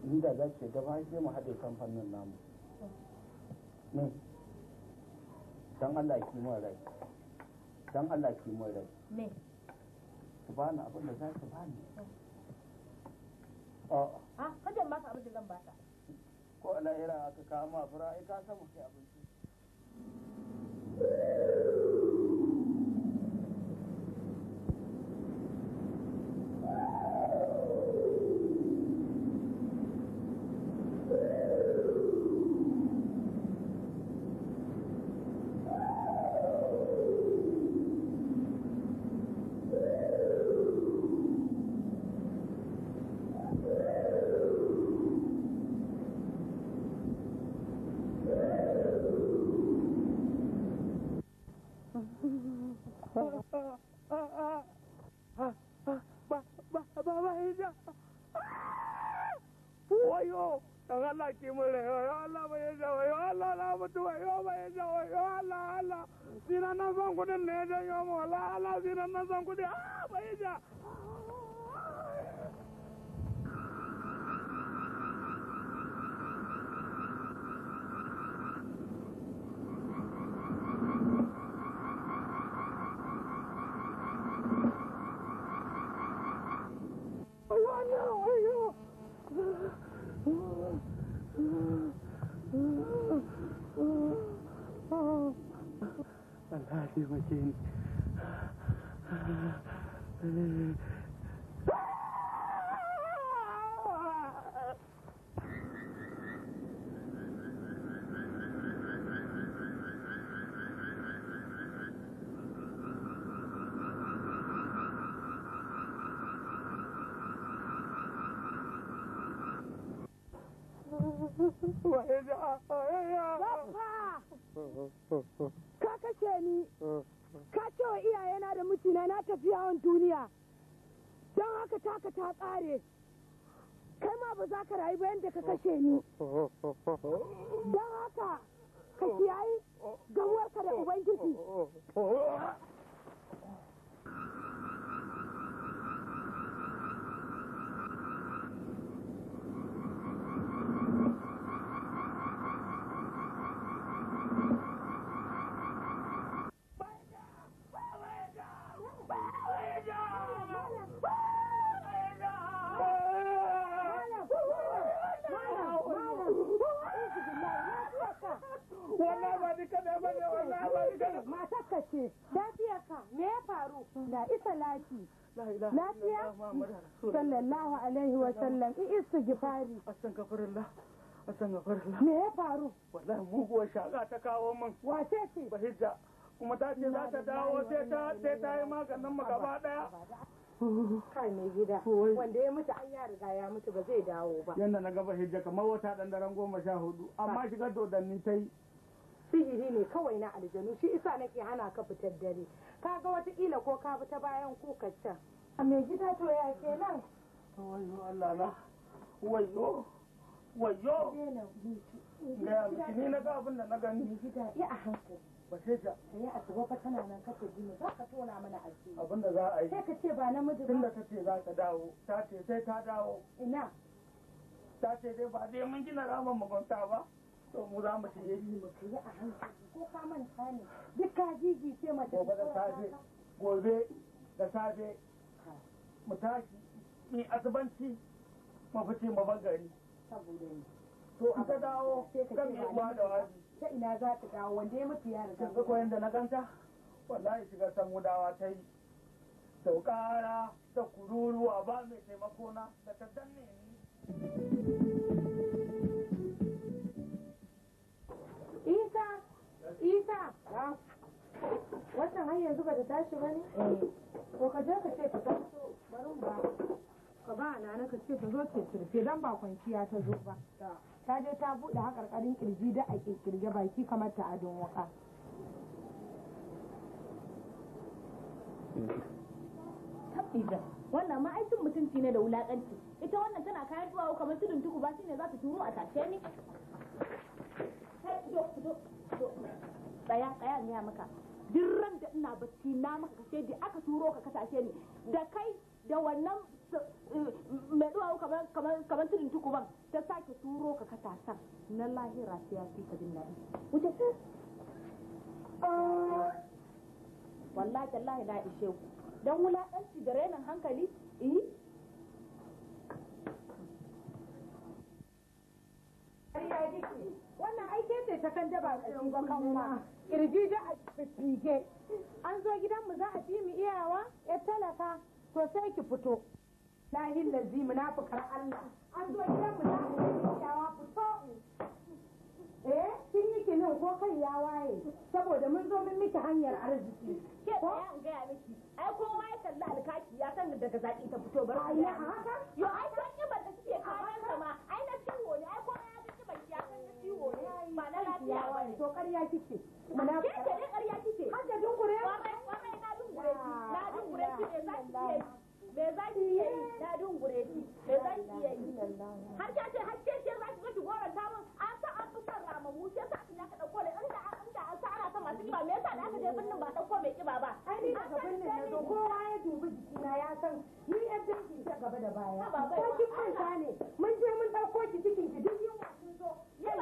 Speaker 2: ni da za ce gaba ke mu haɗe kamfanin namu ne don Allah ki mun rai don Allah ki mun rai ne Ku bani abin da za ki bani oh. oh. a'a ah, kajan ka abin da zan ba ta. ko ala ira aka kama fura ai ka san mu kai abinci Ah! na san kuɗin ne ya janyo mu wala ala zinan na san kuɗi a ah, bai ja ah. alive meu Deus.
Speaker 1: is it? Why is kashe ni mm. ka ce wa iyayena da mijina na tafi yawon duniya don haka taka ta tsare kai ma ba za ka rayu ba yadda ka kashe ni don haka ka kiyayi gamuwarka da ubangiji oh, oh, oh,
Speaker 2: ce lafiya ka me ya faru da isa lati lafiya sallallahu alaihi wa sallam i isa gifari asan asan me ya faru wallahi wa shaga ta kawo min wace ce bahijja kuma ta ce za ta dawo sai ta sai ta yi maganin mu gaba daya kai mai gida wanda ya mutu an ya riga ya mutu ba zai dawo ba yanda na gaba hijja kamar wata dan daren goma sha hudu amma shigar dodanni ta yi sihiri ne kawai na aljanu shi isa nake hana ka fitar dare ka ga watakila ko ka fita bayan kuka can a mai gida to ya ke nan wayo Allah wayo wayo ni na ga abin da na gani mai gida ya a hankali bace ta ya a tuba fa tana nan kace gini za ka tona mana asiri abin da za a yi sai ka ce ba namiji ba tunda ta ce za ka dawo ta ce sai ta dawo ina ta ce dai ba dai mun gina ramin mugunta ba to mu za mu shige shi mu kai a hankali ko ka manta ne duk ka jiji ce mace gobe da safe gobe da safe mu tashi ni asubanci mu fice mu bar gari saboda ni to a ka dawo kan yi uwa da wani ta ina za ta dawo wanda ya mutu ya riga ko yanda na ganta wallahi shiga san gudawa ta yi da ta da kururuwa ba mai taimako na da ta danne ni
Speaker 1: Nafisa! Wannan har yanzu ba ta tashi ba ne? Eh. To ka je ka ce ka taso barin ba.
Speaker 2: Ka ba nana ka ce ta zo turfe don ba kwanciya ta zo ba.
Speaker 1: Ta je ta buɗe
Speaker 2: haƙarƙarin ƙirji da a ƙirƙirge baki kamar ta adon wannan ma aikin mutunci ne da wulaƙanci. Ita wannan tana kayan duwawu kamar tudun tuku ba shine za ta turo a tashe ni. tsaya tsaya ne maka duk ran da ina bacci na maka kashe da aka turo ka kasashe ni da kai da wannan eh, mai duwa kamar kamar tudun tukuban ta sake turo ka katasan na lahira sai ya fi ka din nan wuce su
Speaker 1: ah.
Speaker 2: wallahi tallahi na ishe ku don wulaƙanci da renin hankali eh wannan aike ce ta kan daba a cikin kanwa kirji da a fifige an zo gidanmu za a fi mu iyawa ya talaka to sai ki fito lahin lazi munafukar Allah
Speaker 1: an zo gidanmu za a fi mu iyawa fito
Speaker 2: eh kin yi kinin ko kai ya waye saboda mun zo mun miki hanyar arziki ke ko an gaya miki ai ko ya kalli alkaki ya san daga zaki ta fito bar ya haka yo ai san ba da suke kayan sama ba na lafiya ba ne to ƙarya kike mana ke ke ne ƙarya kike har da dungure na dungure na dungure ki me za ki yi me za ki yi na dungure ki me za ki yi
Speaker 1: har ka ce har ke ke za ki zo ki gora ta mun an
Speaker 2: sa an fi son mu ke sa kin ka dauko ne an sa ana son masu kiba me yasa da aka je birnin ba dauko mai kiba ba ai ni daga birnin na zo kowa ya
Speaker 1: dubi jikina ya san ni yadda ki ta
Speaker 2: gaba da baya ko kin kai ne mun je mun dauko ki cikin ki duk ko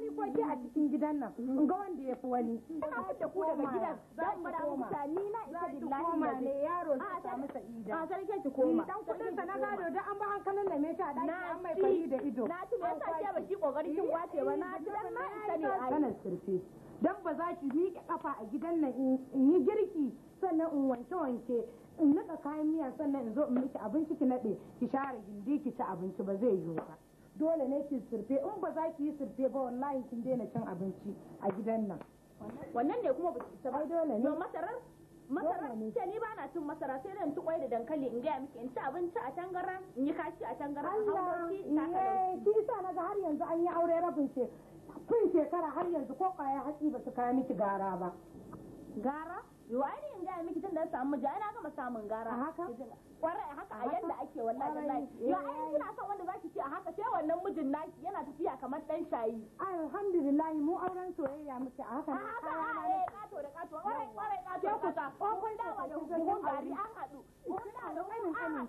Speaker 2: ni ko ke a cikin gidan nan in ga wanda ya fi wani ina fitta ku daga gidan za mu fara ni na isa billahi ne
Speaker 1: yaro sai samu sa'ida a sarki ki koma dan kudin sa na gado da an ba hankalin da me ta dai an mai fari da ido na ci ba sa ce ba shi kokarin kin
Speaker 2: wace ba na ci dan na isa ne a sanan sirfi dan ba za ki miƙe kafa a gidan nan in yi girki sannan in wanke wanke in nika kayan miya sannan in zo in miki abinci ki naɗe ki share gindi ki ci abinci ba zai yiwu ba dole ne ki surfe in ba za ki yi surfe ba wallahi kin daina cin abinci a gidan nan wannan ne kuma baki ta ba dole ne masarar masarar ce ni ba na cin masara sai dan tukwai da dankali in gaya miki in ci abinci a tangara in yi kashi a tangara Allah ki
Speaker 1: eh, sa ga har yanzu an yi aure rabin
Speaker 2: ce tun shekara har yanzu ko kwaya hatsi ba su kawo miki gara ba gara yiwa in gaya miki tun da samu miji ana gama samun gara a haka kwarai haka a yadda ake wallahi wallahi ya ai eh. kina son wanda zaki ci a haka sai wannan mijin naki yana tafiya kamar dan shayi alhamdulillah mu auren soyayya muke a haka haka eh kato da kato kwarai kwarai kato ku ta ko kun dawa da hukumar gari an
Speaker 1: hadu kun dawa da hukumar ras a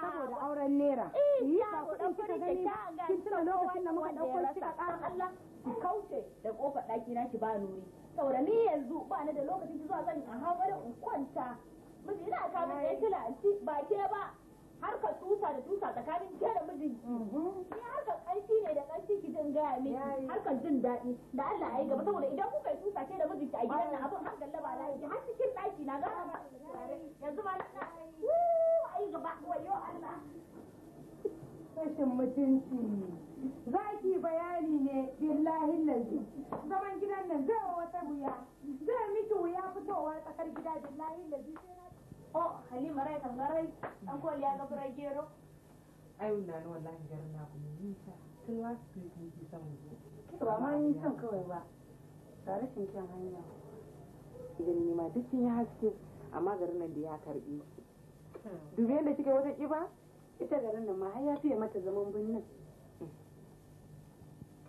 Speaker 1: saboda auren nera yi ba kudin kika gani kin tuna lokacin da muka dauko kika ƙara
Speaker 2: Allah ki kauce da kofar daki na ki ba nuri saurami yanzu ba ni da lokacin zuwa zan a hawara in kwanta miji ina ka min kila ci ba ke ba harkar tusa da tusa tsakanin ke da miji mhm. ni harkar kanki ne da kanki ki jin gaya har harkar jin daɗi da Allah ai gaba saboda idan kuka yi tusa ke da miji ki a gidan nan abun har gallaba na yi
Speaker 1: har cikin daki na ga yanzu ba na ai gaba wayo Allah
Speaker 2: rashin mutunci ki bayani ne
Speaker 1: billahi lalzi zaman gidan nan zai wa wata wuya zai miki wuya fitowa tsakar gida billahi lalzi sai na o oh, halima rai kan garai an ko ya gabura
Speaker 2: gero ai wanda ni wallahi gar na kuma nisa tun last week ni ki san mu ba ma ni san kawai ba tare rashin kyan hanya idan ni ma duk kin ya haske amma garin nan da ya karbi hmm. dube yadda kike wata kiba ita garin nan ma har ya fiye mata zaman birnin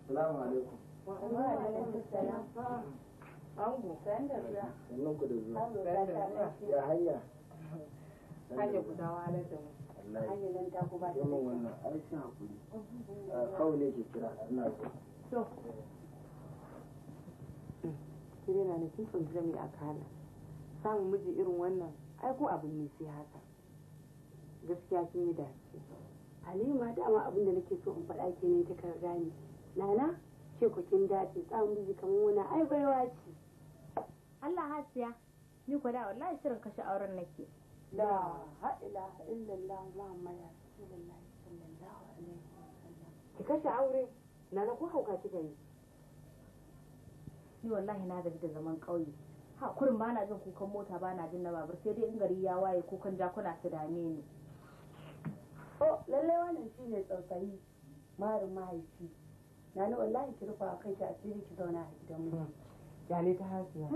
Speaker 2: salamu alaikum wa alaikum salam zuwa sannan ku da zuwa ya hanya hanya nan ta ku ba ta wannan aikin hakuri ah, kawai ne ke kira ina so na a samun miji irin wannan ai ko abin ne sai haka gaskiya kin yi dace halima dama abin da nake so in faɗa ke ne ta kan gane nana ke ku kin dace tsamin biji kamar wani ai baiwa ce Allah hasiya ni ku da wallahi shirin kashe auren nake la ha'ila illallah muhammad
Speaker 1: rasulullah sallallahu alaihi wasallam
Speaker 2: ki kashe aure nana ko hauka kika yi ni wallahi na gaji da zaman ƙauye ha kurin ba na jin kukan mota ba na jin na babur sai dai in gari ya waye kukan jakuna su dame ni ko lallai wannan shi ne tsautsayi marin mahaifi na ni wallahi ki rufa kai ki asiri ki zauna a gidan mu ya ne ta hasiya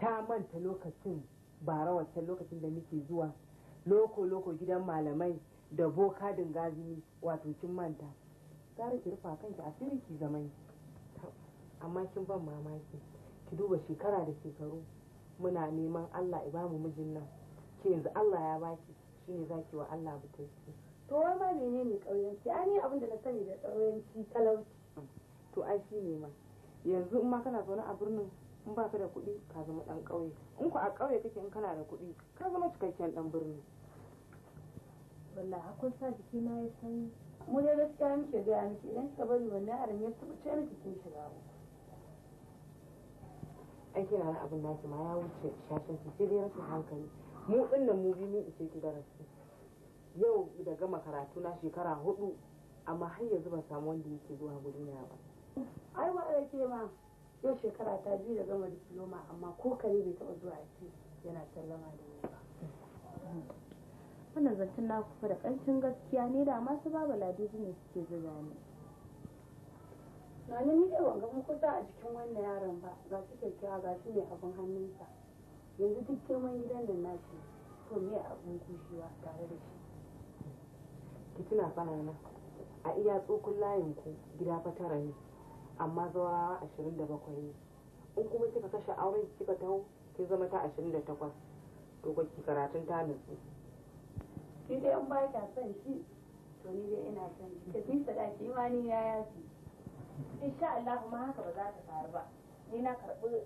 Speaker 2: ta manta lokacin bara wancan lokacin da muke zuwa loko loko gidan malamai da boka dingazini wato kin manta gara ki rufa kanki asiri ki zaman amma kin ban mamaki ki duba shekara da shekaru muna neman Allah ya bamu mijin nan ke yanzu Allah ya baki shine zaki wa Allah butulci to wai ma menene ƙauyanci ai ne abin da na sani da ƙauyanci talauci to ai shi ne ma yanzu in ma kana zaune a birnin in baka da kuɗi ka zama ɗan ƙauye in ku a ƙauye kake in kana da kuɗi ka zama cikakken ɗan birni
Speaker 1: wallahi hakun sa jiki na ya sanyi mu dai gaskiya muke gaya miki idan kika bari wannan aram ya taɓa ce miki kin shiga uku ai kina da abin naki ma ya wuce shashin
Speaker 2: ki sai dai rashin hankali mu ɗin nan mu bi mun ishe ki darasi yau da gama karatu na shekara hudu amma har yanzu ban samu wanda yake zuwa gurin ya ba ai ba da ma yau shekara ta biyu da gama diploma amma ko kare bai taba zuwa aiki
Speaker 1: yana sallama da ni
Speaker 2: ba wannan zancen na kufa da ƙarshen gaskiya ne da masu babu ladiji ne suke zuwa ne. na ni da wanga mun kusa a cikin wannan yaron ba ga kyakkyawa ga shi ne abin hannunsa yanzu duk girman gidan da nashi to me abin kushewa tare da shi fitina fana a iya tsokun layin ku gida fa tara ne amma zuwa ashirin da bakwai ne in kuma kika kashe auren kika taho ki zama ta ashirin da takwas to ba ki karatun ta nutsu. shi dai in
Speaker 1: ba ka son
Speaker 2: shi to ni dai ina son shi ta fi sadaki ma ni ya yafi insha Allah ma haka ba za ta faru ba ni na karɓi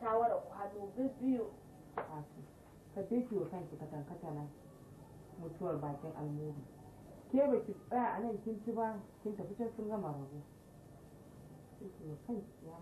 Speaker 2: shawarar kwano biyu ka fi kiwo kanki katankatana mutuwar bakin almuru ke ba ki tsaya a nan kin ci ba kin tafi can sun gama rago. Kike kan ya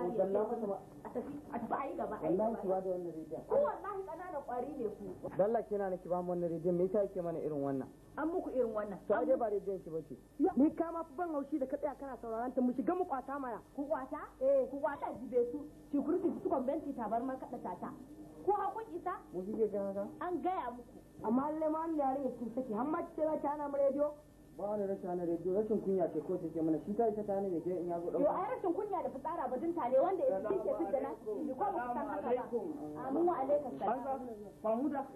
Speaker 2: har ya a tafi a tafi ayi gaba ayi gaba wallahi ki ba da wannan rediyon ko wallahi kananan kwari ne ku dalla kina ne ki ba mu wannan rediyon me yasa kike mana irin wannan an muku irin wannan to ai ba rediyon ki bace ni ka ma fi ban haushi da ka tsaya kana sauraron ta mu shiga mu kwata maya ku kwata eh ku kwata jibe su ki kurti su konventi tabar man kada tata ko hakun isa mu kike ga an gaya muku amma lalle ma wannan yare ki saki har ma ki ce za mu rediyo ba wani rashin hana rediyo rashin kunya ce ko take mana shi ta isa ta hana mai gidan in ya zo ɗauka. yau ai rashin kunya da fitsara bajinta ne wanda ya fi ke fitta na ni ko ba san haka ba amin wa alaikum salam. an sa mamuda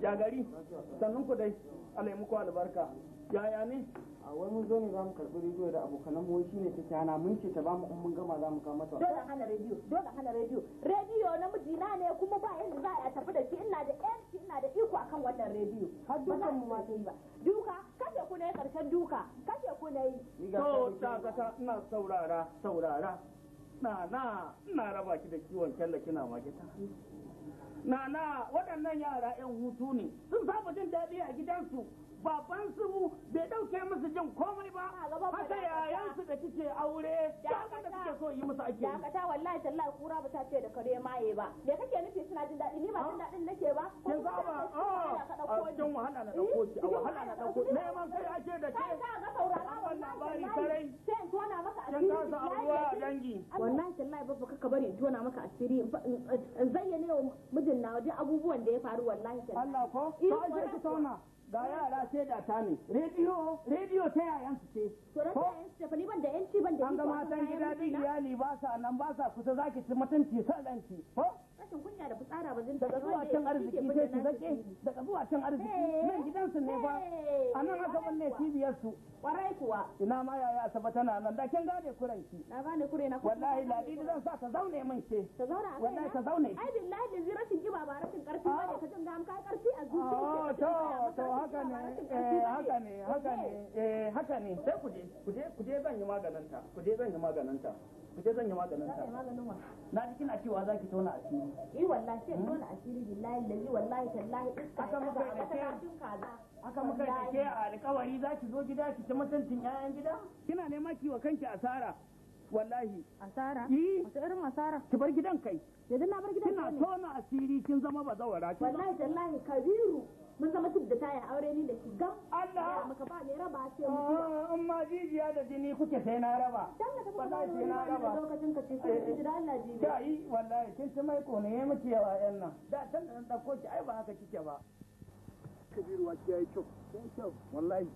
Speaker 2: ya gari sannan ku dai alaimuku albarka. yaya ne a wai mun zo ne za mu karɓi rediyo da abokanan mu shine ta kyana mun ce ta ba mu mun gama za mu kawo mata dole hana rediyo dole hana rediyo rediyo na mijina ne kuma ba yanda za a tafi da shi ina da yanci ina da iko akan wannan rediyo har dukan mu ma sai ba duka kashe ku ne karshen duka kashe ku ne to ta kasa ina saurara saurara na na ina raba ki da kiwon kella kina magita nana waɗannan yara ɗan hutu ne sun saba jin daɗi a gidansu baban su bai ɗauke musu jin komai ba haka yayan su da kike aure ya da kike so yi musu ake dakata wallahi tallahi kura ba ta ce da kare maye ba me kake nufi suna jin daɗi ni ba jin ah. daɗin nake ba ko ba ah, a cikin wahala na dauko ki a eh, wahala na dauko neman kai ake da ke kai ga saurara wannan labari sarai sai in tona maka asiri ya ka sa dangi wallahi tallahi ba ka bari in tona maka asiri in zayyane wa mijin mijin na duk abubuwan da ya faru wallahi sai Allah ko eh, to ai ki tauna ga yara sai da ta ne radio radio ta ya su ce to ko tafi ni ban da yanci ban da an ga matan gida din iyali ba sa nan ba sa kusa zaki ci mutunci sa ranci ko rashin kunya da fitsara ba zan daga zuwa can arziki sai zake daga zuwa can arziki nan gidansu ne fa eh, a aka cibiyar su kwarai kuwa ina ma yaya asaba tana nan da kin gane ki na gane sa ta zaune min ke ta zauna zaune ai billahi to to ku je zan yi maganin ta ku je zan yi maganin ta ku je zan na ji kina cewa ki tona a asiri yi eh, wallahi sai nuna hmm? asiri billahi lalli wallahi tallahi iska aka muka da ke
Speaker 1: aka muka da a alƙawari
Speaker 2: za ki zo gida ki ta mutuntun ƴaƴan gida kina nema ki wa kanki asara wallahi asara yi eh. wata irin asara ki bar gidan kai yanzu na bar gidan kai kina tona asiri kin zama bazawara wallahi tallahi kabiru mun zama duk da taya aure ni da shi gam
Speaker 1: Allah maka ba ne raba ce mu ah,
Speaker 2: in ma jijiya da jini kuke sai na raba wallahi sai na raba lokacin ka ce sai jira Allah jibi dai wallahi kin ci mai ko ne miki yawa yan nan da tan da dauko ki ai ba haka kike ba kabiru wa kiyaye kyau yayi kyau wallahi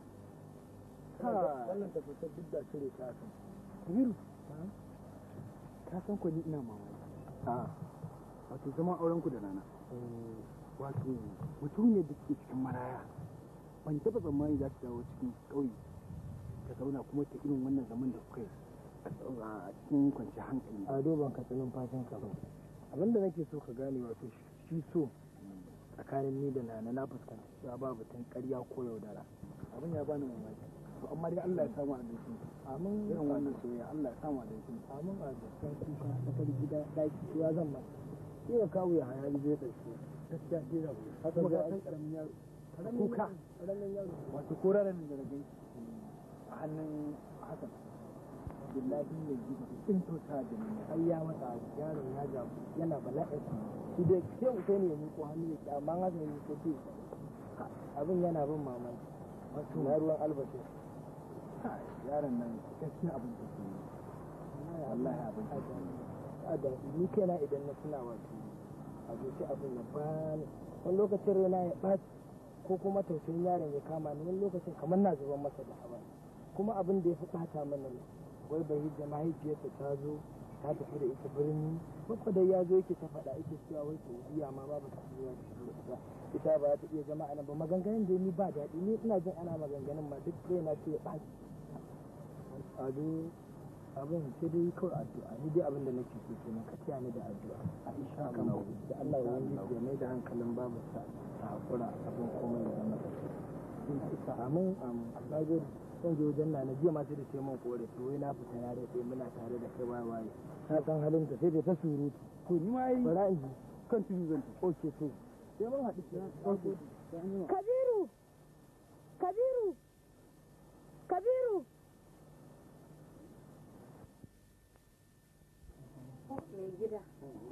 Speaker 2: wannan da fitar duk da kire ka kan kabiru ka san ko ni ina mamaki a ah. wato zama aurenku da rana eh. wato mutum ne da ke cikin maraya ban taba tsammani za ta dawo cikin ƙauye ta zauna kuma ta irin wannan zaman da kuka yi a cikin kwanci hankali a doban ka tsayin fashin ka ba abin da nake so ka gane wato shi so tsakanin ni da na na fuskanta cewa ba batun karya ko yaudara abin ya bani mamaki to amma dai Allah ya samu abinci amin irin wannan soyayya Allah ya samu abinci amin a da kan kuka tsakar gida daki ya zan mata ya kawo ya hayali zai ɗauke gaskiya ke da haka kuma ka karamin yaro kuka karamin yaro wato da a hannun hasan billahi ne ji in to ta da ni ai ya ya ga yana bala'i shi da ke ne mu ko hannu ne amma ne ko ce abin yana bin mamaki wato na ruwan albashin
Speaker 1: yaron nan gaskiya abin da ke ni idan na tuna wato a zuci abin ya bani wani
Speaker 2: lokacin rena ya ɓaci ko kuma tausayin yaron ya kama ni wani lokacin kamar na zuban masa da hawa kuma abin da ya fi ɓata mana ne wai bai da mahaifiyarsa ta zo ta tafi da ita birni ko dai ya zo yake ta faɗa yake cewa wai biya ma ba ta zuwa ba ita ba ta iya jama'a nan ba maganganun da ni ba daɗi ni ina jin ana maganganun ma duk kai na ce ya ɓaci abin sai dai kawai addu'a ni dai abin da nake so kenan ka tiya ni da addu'a a kan mu da Allah ya yi ya mai da hankalin babu sa ta hakura abin komai ya zama da amin amin ya gode son je wajen na jiya ma sai da ce min kore to wai na fita na dai muna tare da kai waye waye san halin ta sai da ta surutu ko ni ma yi bara in kan tudu zan ta oke to sai mun haɗu Kabiru Kabiru Kabiru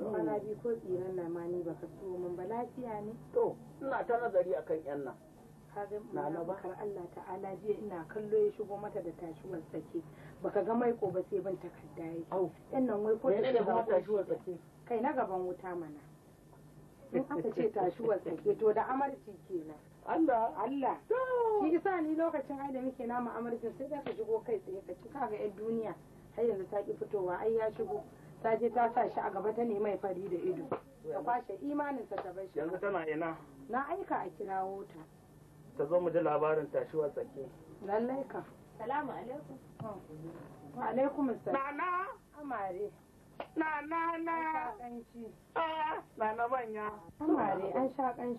Speaker 2: ana ko tsiran na ma ni baka so mun ba lafiya ne to ina ta nazari akan yan nan Allah ta'ala jiya ina kallo ya shigo mata da tashuwar tsaki baka ga mai ko ba sai ban takarda yake yan nan wai ko da tashuwar tsaki kai na gaban wuta mana in aka ce tashuwar tsaki to da amarci kenan Allah Allah shi isa ni lokacin ai da muke nama amarci sai da ka shigo kai tsaye ka ci ga yan duniya har yanzu ta ki fitowa ai ya shigo ta je ta sa shi a gaba ta mai fari da ido ta kwashe imaninsa ta bar shi yanzu tana ina na aika a kirawo ta ta zo mu ji labarin tashiwa tsaki lallai ka salamu alaikum wa alaikum assalam nana amare
Speaker 1: nana na na na nana manya amare an sha an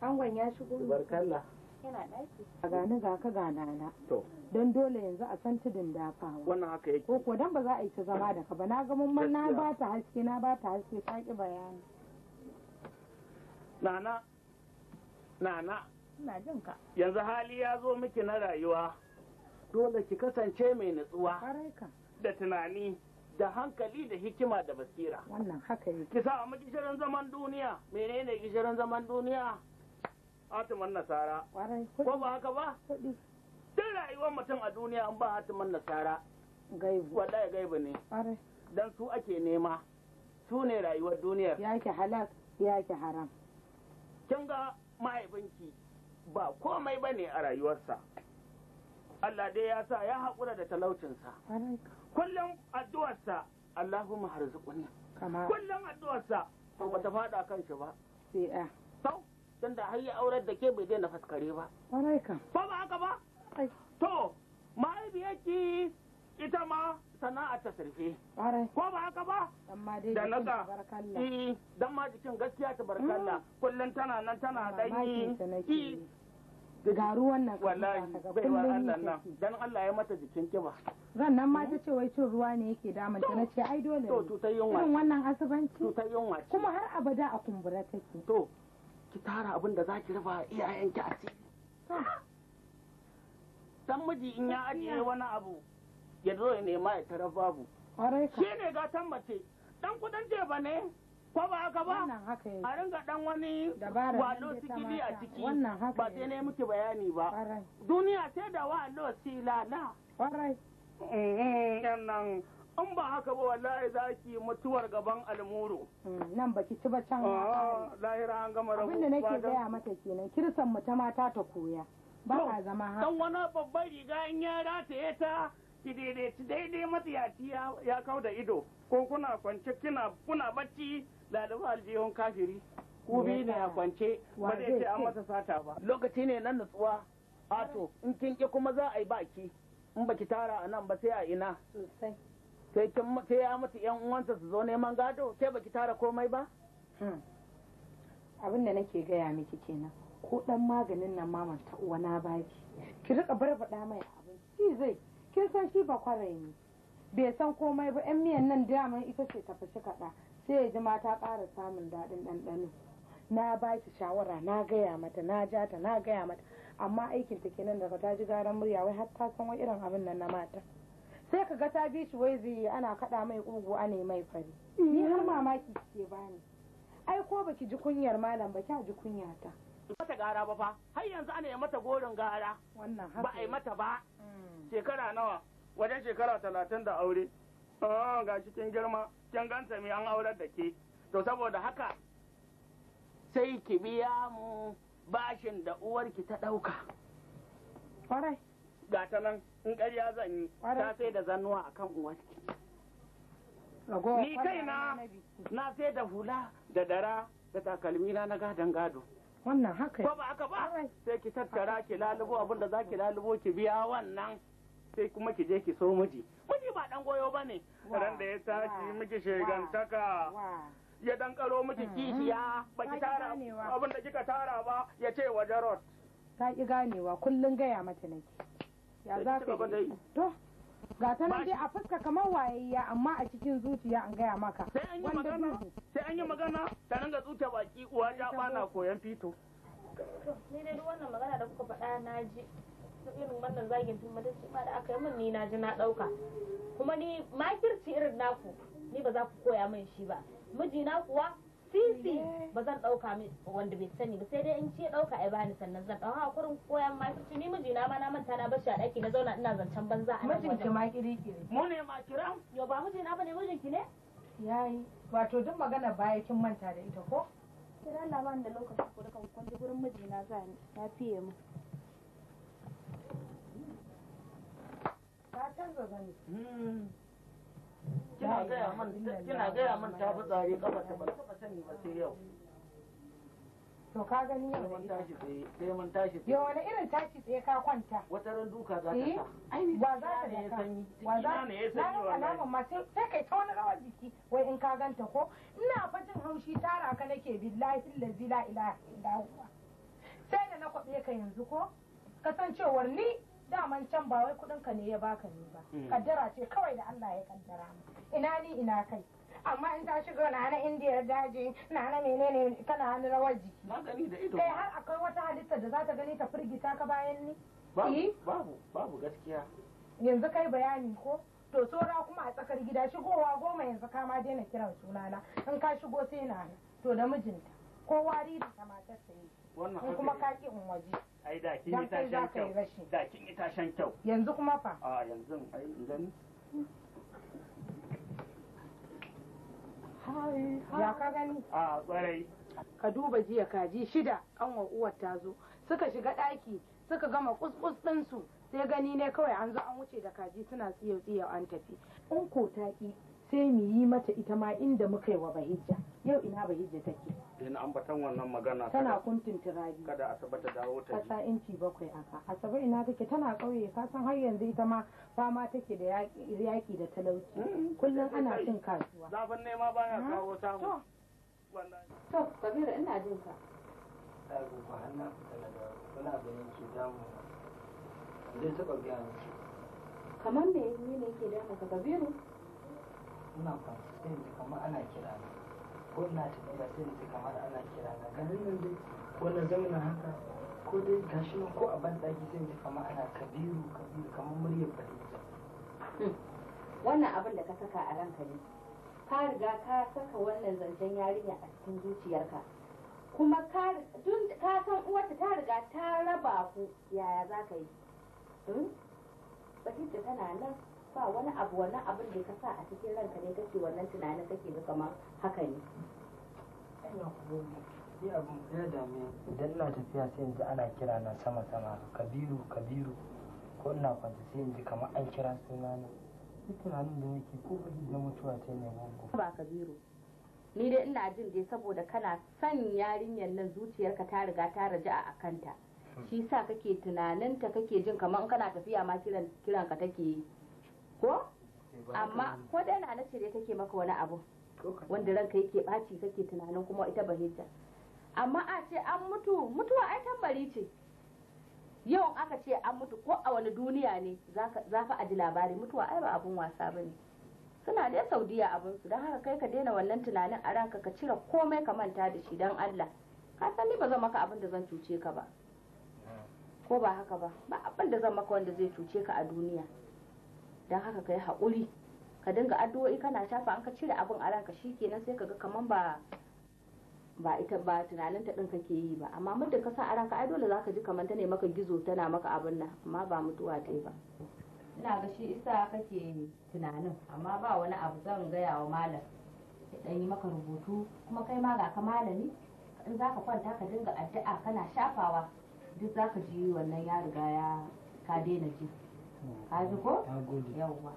Speaker 1: angon ya shigo barkalla yana ɗaki a gani
Speaker 2: ga ka gana na don dole yanzu a san tudun dafawa wannan haka yake ko ko dan ba za a yi ta zama da ka ba na ga mun na ba ta haske na ba ta haske ta ki bayani nana nana ina jin ka yanzu hali ya zo miki na rayuwa dole ki kasance mai nutsuwa da tunani da hankali da hikima da basira wannan haka yake ki sa miki shirin zaman duniya menene gishirin zaman duniya hatiman nasara ko ba haka ba duk rayuwar mutum a duniya an ba hatiman nasara gaibu wallahi gaibu ne dan su ake nema su ne rayuwar duniyar ya ki halal ya ki haram kin ga mahaifinki ba komai ba ne a rayuwarsa Allah dai ya sa ya haƙura da talaucinsa kullum addu'arsa Allahumma harzuqni kullum addu'arsa ba ta fada kan ba dan da har ya aurar da ke bai daina faskare ba kwarai kan ba ba haka ba to ki ita ma sana'a ta sarfe ko ba haka ba da naka. Eh, dan ma jikin gaskiya ta barkalla mm. Kullun tana nan tana danyi eh. ga ruwan nan wallahi bai wa Allah nan dan Allah ya mata jikin kiba Zan nan ma mm. ta ce wai cin ruwa ne yake da damun ta ce ai dole to to yunwa irin wannan asubanci to yunwa kuma har abada a kumbura take to ki tara abin da za ki rufa iyayenki asiri dan miji in ya ajiye wani abu ya zo ya nema ya tara babu shi ne gatan mace dan kudin je ba ne ko ba haka ba a ringa dan wani walo sikili a ciki ba sai ne miki bayani ba duniya sai da walo silala kwarai eh, eh, eh, in ba haka ba wallahi za ki mutuwar gaban almuru hmm, nan ba ki ci ba can lahira an gama rabu abinda nake gaya mata kenan kirsan mu ta mata ta koya ba a zama haka dan wani babban riga in ya rataye ta ki daidaici daidai matsiyaci ya kau da ido ko kuna kwance kina kuna bacci lalaba aljihun kafiri
Speaker 3: ku bi ne a
Speaker 2: kwance ba zai ce an masa sata ba lokaci ne nan nutsuwa ato in kin ki kuma za a yi baki in baki tara a nan ba sai a ina sai ya mutu yan uwansa su zo neman gado ke baki tara komai ba hmm. abin da nake gaya miki kenan ko dan maganin nan maman ta uwa na baki ki rika barbaɗa mai abin shi zai kin san shi ba kwarai ne bai san komai ba yan miyan nan daman ita ce ta fashi kaɗa sai ya ji ma ta ƙara samun daɗin ɗanɗano na ba shawara na gaya mata na ja ta na gaya mata amma aikinta ta kenan daga ta ji garan murya wai har ta san wani irin abin nan na mata sai ka ga ta bi shi wai zai ana kaɗa mai ƙugu ne mai fari ni har mm. mamaki ke bani ai ko baki ji kunyar malam ba kya ji kunya ta mata gara ba fa har yanzu ana yi mata gorin gara wannan ba a mata ba mm. shekara nawa wajen shekara talatin da aure ah, ga shi kin girma kin ganta mai an aurar da ke to saboda haka sai ki biya mu bashin da uwarki ta ɗauka. gata nan in ƙarya zan yi ta sai da zannuwa akan uwarki ni kai na na sai da hula da dara da takalmi na na gadon gado wannan haka ba ba aka ba sai ki tattara ki lalubo abin da za ki lalubo ki biya wannan sai kuma ki je ki so miji miji ba dan goyo ba ne ran da ya tashi miki shegantaka ya dan karo miki mm-hmm. kishiya mm-hmm. ba ki tara abin da kika tara ba ya ce wa jarot ta ki ganewa kullun gaya mata nake ya za ka yi to ga ta nan dai a fuska kamar wayayya amma a cikin zuciya an gaya maka sai an yi magana sai an yi magana ta ringa zuciya baki uwa ta bana koyan fito ni dai duk wannan magana da kuka faɗa na ji irin wannan zagin tun mata ma da aka yi min ni na ji na ɗauka kuma ni makirci irin naku ni ba za ku koya min shi ba mijina kuwa sisi ba zan ɗauka wanda bai sani ba sai dai in ce ɗauka ai bani sannan zan ɗauka kurin koyan ma kici ni miji na ma na manta na bashi a ɗaki na zauna ina zancen banza a mijin ki ma kiri kiri mu ne ma kiran yo ba miji na bane mijin ki ne yayi wato duk magana baya kin manta da ita ko kira na ban da lokaci ko dukan kun ji gurin miji na za ni ya fiye mu ta canza zani hmm. kina gaya man kina gaya min ta fi tsari kafa ta ba ta sani ba sai yau to ka gani yau mun tashi tsaye sai mun tashi tsaye yau wani irin tashi tsaye ka kwanta wata ran duka za ta ta eh? ai wa za ta ne sanyi wa za ne ya sanyi wa alamun ma sai kai ta wani rawar jiki wai in ka ganta ko ina fatin haushi tara ka nake billahi allazi la ilaha illa huwa sai da na kwabe ka yanzu ko kasancewar ni daman can ba wai kudin ka ne ya baka ne ba hmm. kaddara ce kawai da Allah ya kaddara mu ina ni ina kai amma in ta shiga na na indiya daji na na menene kana hannu rawar jiki magani da ido kai eh, har akwai wata halitta da za ta gani ta firgita ka bayan ni babu eh? babu babu gaskiya yanzu kai bayani ko to tsora kuma a tsakar gida shigowa goma yanzu kama ma daina kiran sunana in ka shigo sai na to da mijinta ko wari
Speaker 1: da matar sai
Speaker 2: wannan kuma ka ki in waje ai da kin yi tashan kyau da kin yi tashan kyau yanzu kuma fa a yanzu ai idan ya ka gani a kwarai ka duba jiya kaji shida kanwa uwar ta zo suka shiga daki suka gama kuskus ɗinsu sai gani ne kawai an zo an wuce da kaji suna tsiyau tsiyau an tafi in ta ki sai mu yi mata ita ma inda muka yi wa bahijja yau ina bahijja take in ambatan wannan magana tana kuntin turabi kada asabe ta dawo ta kasa inci bakwai aka asabe ina take tana kauye ka san har yanzu ita ma fama take da yaki da talauci kullum ana cin kasuwa zafin ne nema baya kawo ta samu to kabira ina jin ka
Speaker 3: ɗago ba hannun kana wani abu ne ke damu zai taɓa gaya
Speaker 2: kamar me ne ke damu ka kabiru suna sai da kamar ana kira na ko ina tafiya sai da kamar ana kira na garin nan dai ko na na haka ko dai gashi nan ko a ban ɗaki sai ji kamar ana kabiru kabiru kamar muryar fahimta. Hmm. wannan abin da ka saka a ranka ne ka
Speaker 1: riga ka saka wannan zancen yarinya a cikin zuciyarka
Speaker 2: kuma ka san uwarta ta riga ta raba ku yaya za ka yi? Hmm? Bakinta tana nan ba wani abu wannan abin da ka sa a cikin ranka ne kake wannan tunanin kake ga kamar haka ne
Speaker 3: ya dame
Speaker 2: idan na tafiya sai yanzu ana kira na sama sama kabiru kabiru ko ina kwanta sai yanzu kamar an kira suna ne duk tunanin da nake ko ba da mutuwa ce ne gungu ba kabiru ni dai ina jin dai saboda kana son yarinyar nan zuciyarka ta riga ta raja a akanta, shi sa kake tunaninta kake jin kamar kana tafiya ma kiran ka take yi ko amma ko da yana na shirye take maka wani abu wanda ranka yake ɓaci kake tunanin kuma ita hijja amma a ce an mutu mutuwa ai tambari ce yau aka ce an mutu ko a wani duniya ne za fa a ji labari mutuwa ai ba abun wasa ba ne suna dai saudiya abun su don haka kai ka daina wannan tunanin a ranka ka cire komai ka manta da shi don allah ka san ni ba zan maka abin da zan cuce ka ba ko ba haka ba ba abin da zan maka wanda zai cuce ka a duniya don haka kai haƙuri ka dinga addu'o'i kana shafa an ka cire abin a ranka shikenan sai ka ga kaman ba ba ita ba tunanin ta din kake yi ba amma muddin ka sa a ranka ai dole zaka ji kaman ta ne maka gizo tana maka abin nan amma ba mutuwa ta ba ina ga shi isa kake tunanin amma ba wani abu zan gaya wa malam ya dan yi maka rubutu kuma kai ma ga ka malami in zaka kwanta ka dinga addu'a kana shafawa duk zaka ji wannan ya riga ya ka daina ji Kaji ji ko yawwa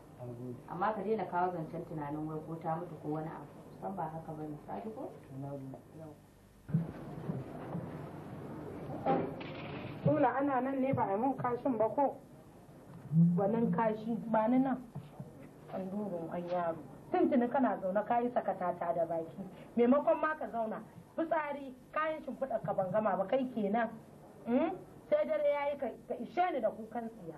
Speaker 2: amma ka daina kawo zancen tunanin wai ko ta mutu ko wani abu san ba haka ba ne ka ji ko Tula ana nan ne ba a mun kashin ba ko? Wannan kashi ba ni nan. An duba an yaro. Tuntuni kana zaune ka yi sakatata da baki. Maimakon ma ka zauna fitsari kayan shimfiɗar ka ban gama ba kai kenan. Hmm? Sai dare ya yi ka ishe ni da kukan tsiya.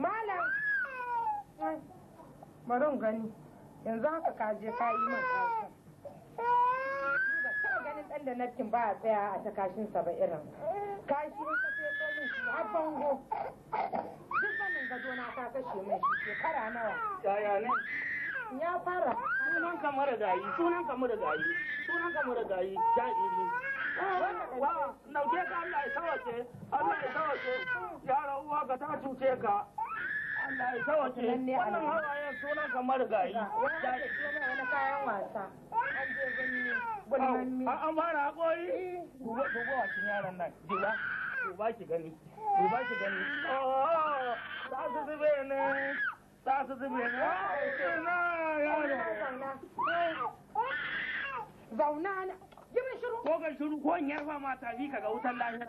Speaker 2: malam maron gani yanzu haka ka je ka yi man
Speaker 1: kasu ba ganin
Speaker 2: dan da nafkin ba a tsaya a ta kashin sa ba irin
Speaker 1: kashi ka feto min shi har bango duk
Speaker 2: sanin gado na ka kashe min shi shekara nawa yaya ne ya fara sunan ka mara gayi sunan ka mara gayi sunan ka mara gayi jahiri wa nauke ka Allah ya sawace Allah ya sawace yaran uwa ka ta cuce ka Allah ya sawace wannan hawayen kamar gayi. Wani wani kayan wasa. An je ganye An fara eh. yaran nan. Jira. Duba ki gani. Duba ki gani. Oh, ta su zube ne. Ta su zube ne. Zauna na. Jimin shiru. Ko ga shiru ko in yarfa mata bi ga lahira.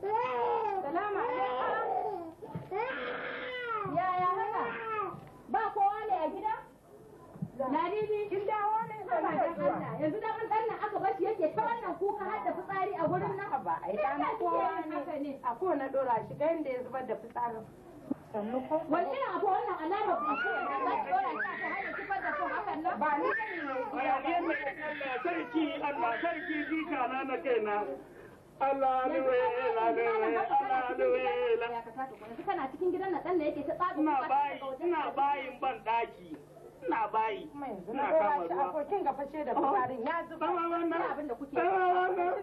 Speaker 1: Salama Yaya haka? Ba kowa ne a gida? Ladidi kin dawo
Speaker 2: ne sama da Allah. Yanzu da kan dan aka bashi yake ta wannan kuka har da fitsari a gurin nan. Ba ai dan kowa ne. A ko na dora shi ga inda ya zubar da fitsari. Wani irin abu wannan alamar ba ko na za ki dora shi ta hanyar zubar da fitsarin hakan nan? Ba ni ne. Ya ne Allah sarki Allah sarki jika na na kaina. Allah kana cikin Allah na ɗan da yake ta bayin ban ina bayi na kama ruwa a ga fashe da ya zuba wannan abin da kuke wannan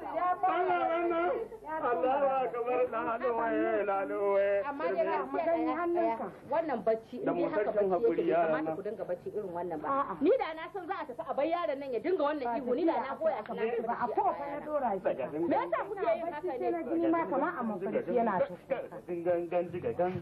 Speaker 2: Allah kamar na hannu waye lalo waye amma dai ga magani hannunka wannan bacci in dai haka bacci yake kamata ku dinga bacci irin wannan ba ni da na san za a tafi a bar yaron nan ya dinga wannan ihu ni da na koya shi na ba a ko na dora shi me yasa kuke yin haka ne na jini ma kamar a mafarki yana tafi gangan jiga gangan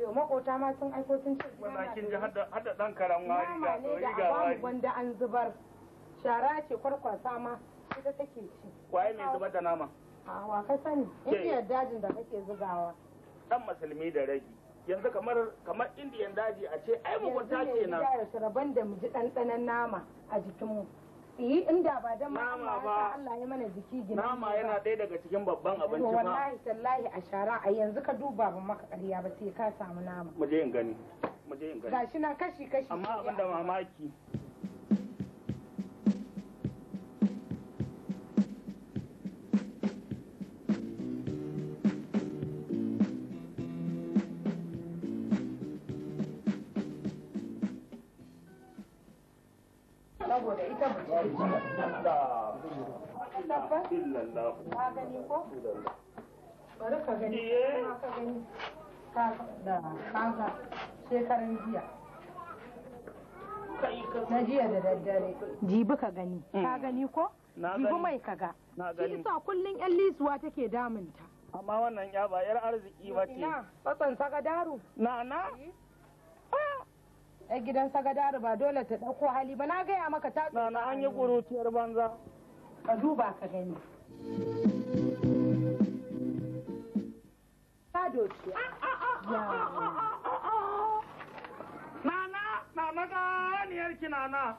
Speaker 2: yau makota ma sun aiko sun ce na kin ji hada dan karan wari da tsori ga wari wanda an zubar shara ce kwarkwasa ma ita take ci waye mai zubar da nama a wa ka sani indiyan dajin da kake zugawa dan musulmi da ragi yanzu kamar kamar indiyan daji a ce ai mugunta kenan yanzu ya rabon da mu ji ɗanɗanon nama a jikinmu yi inda ba dan ma Allah Allah ya mana jiki gina nama yana ɗaya daga cikin babban abinci ma wallahi tallahi a shara a yanzu ka duba ban maka ƙarya ba sai ka samu nama mu je in gani mu je in gani gashi na kashi kashi amma abin da mamaki bari ka gani ka da kaga jiya na jiya da daddare jibi ka gani mm. ka gani ko jibi mai kaga shi isa kullum yan lisuwa take damunta amma wannan ya ba yar arziki ba ce tsatsan na na a gidan sagadaru ba dole ta ɗauko hali ba na gaya maka ta na na an yi banza ka duba ka gani ta doki nana nana niyar ki nana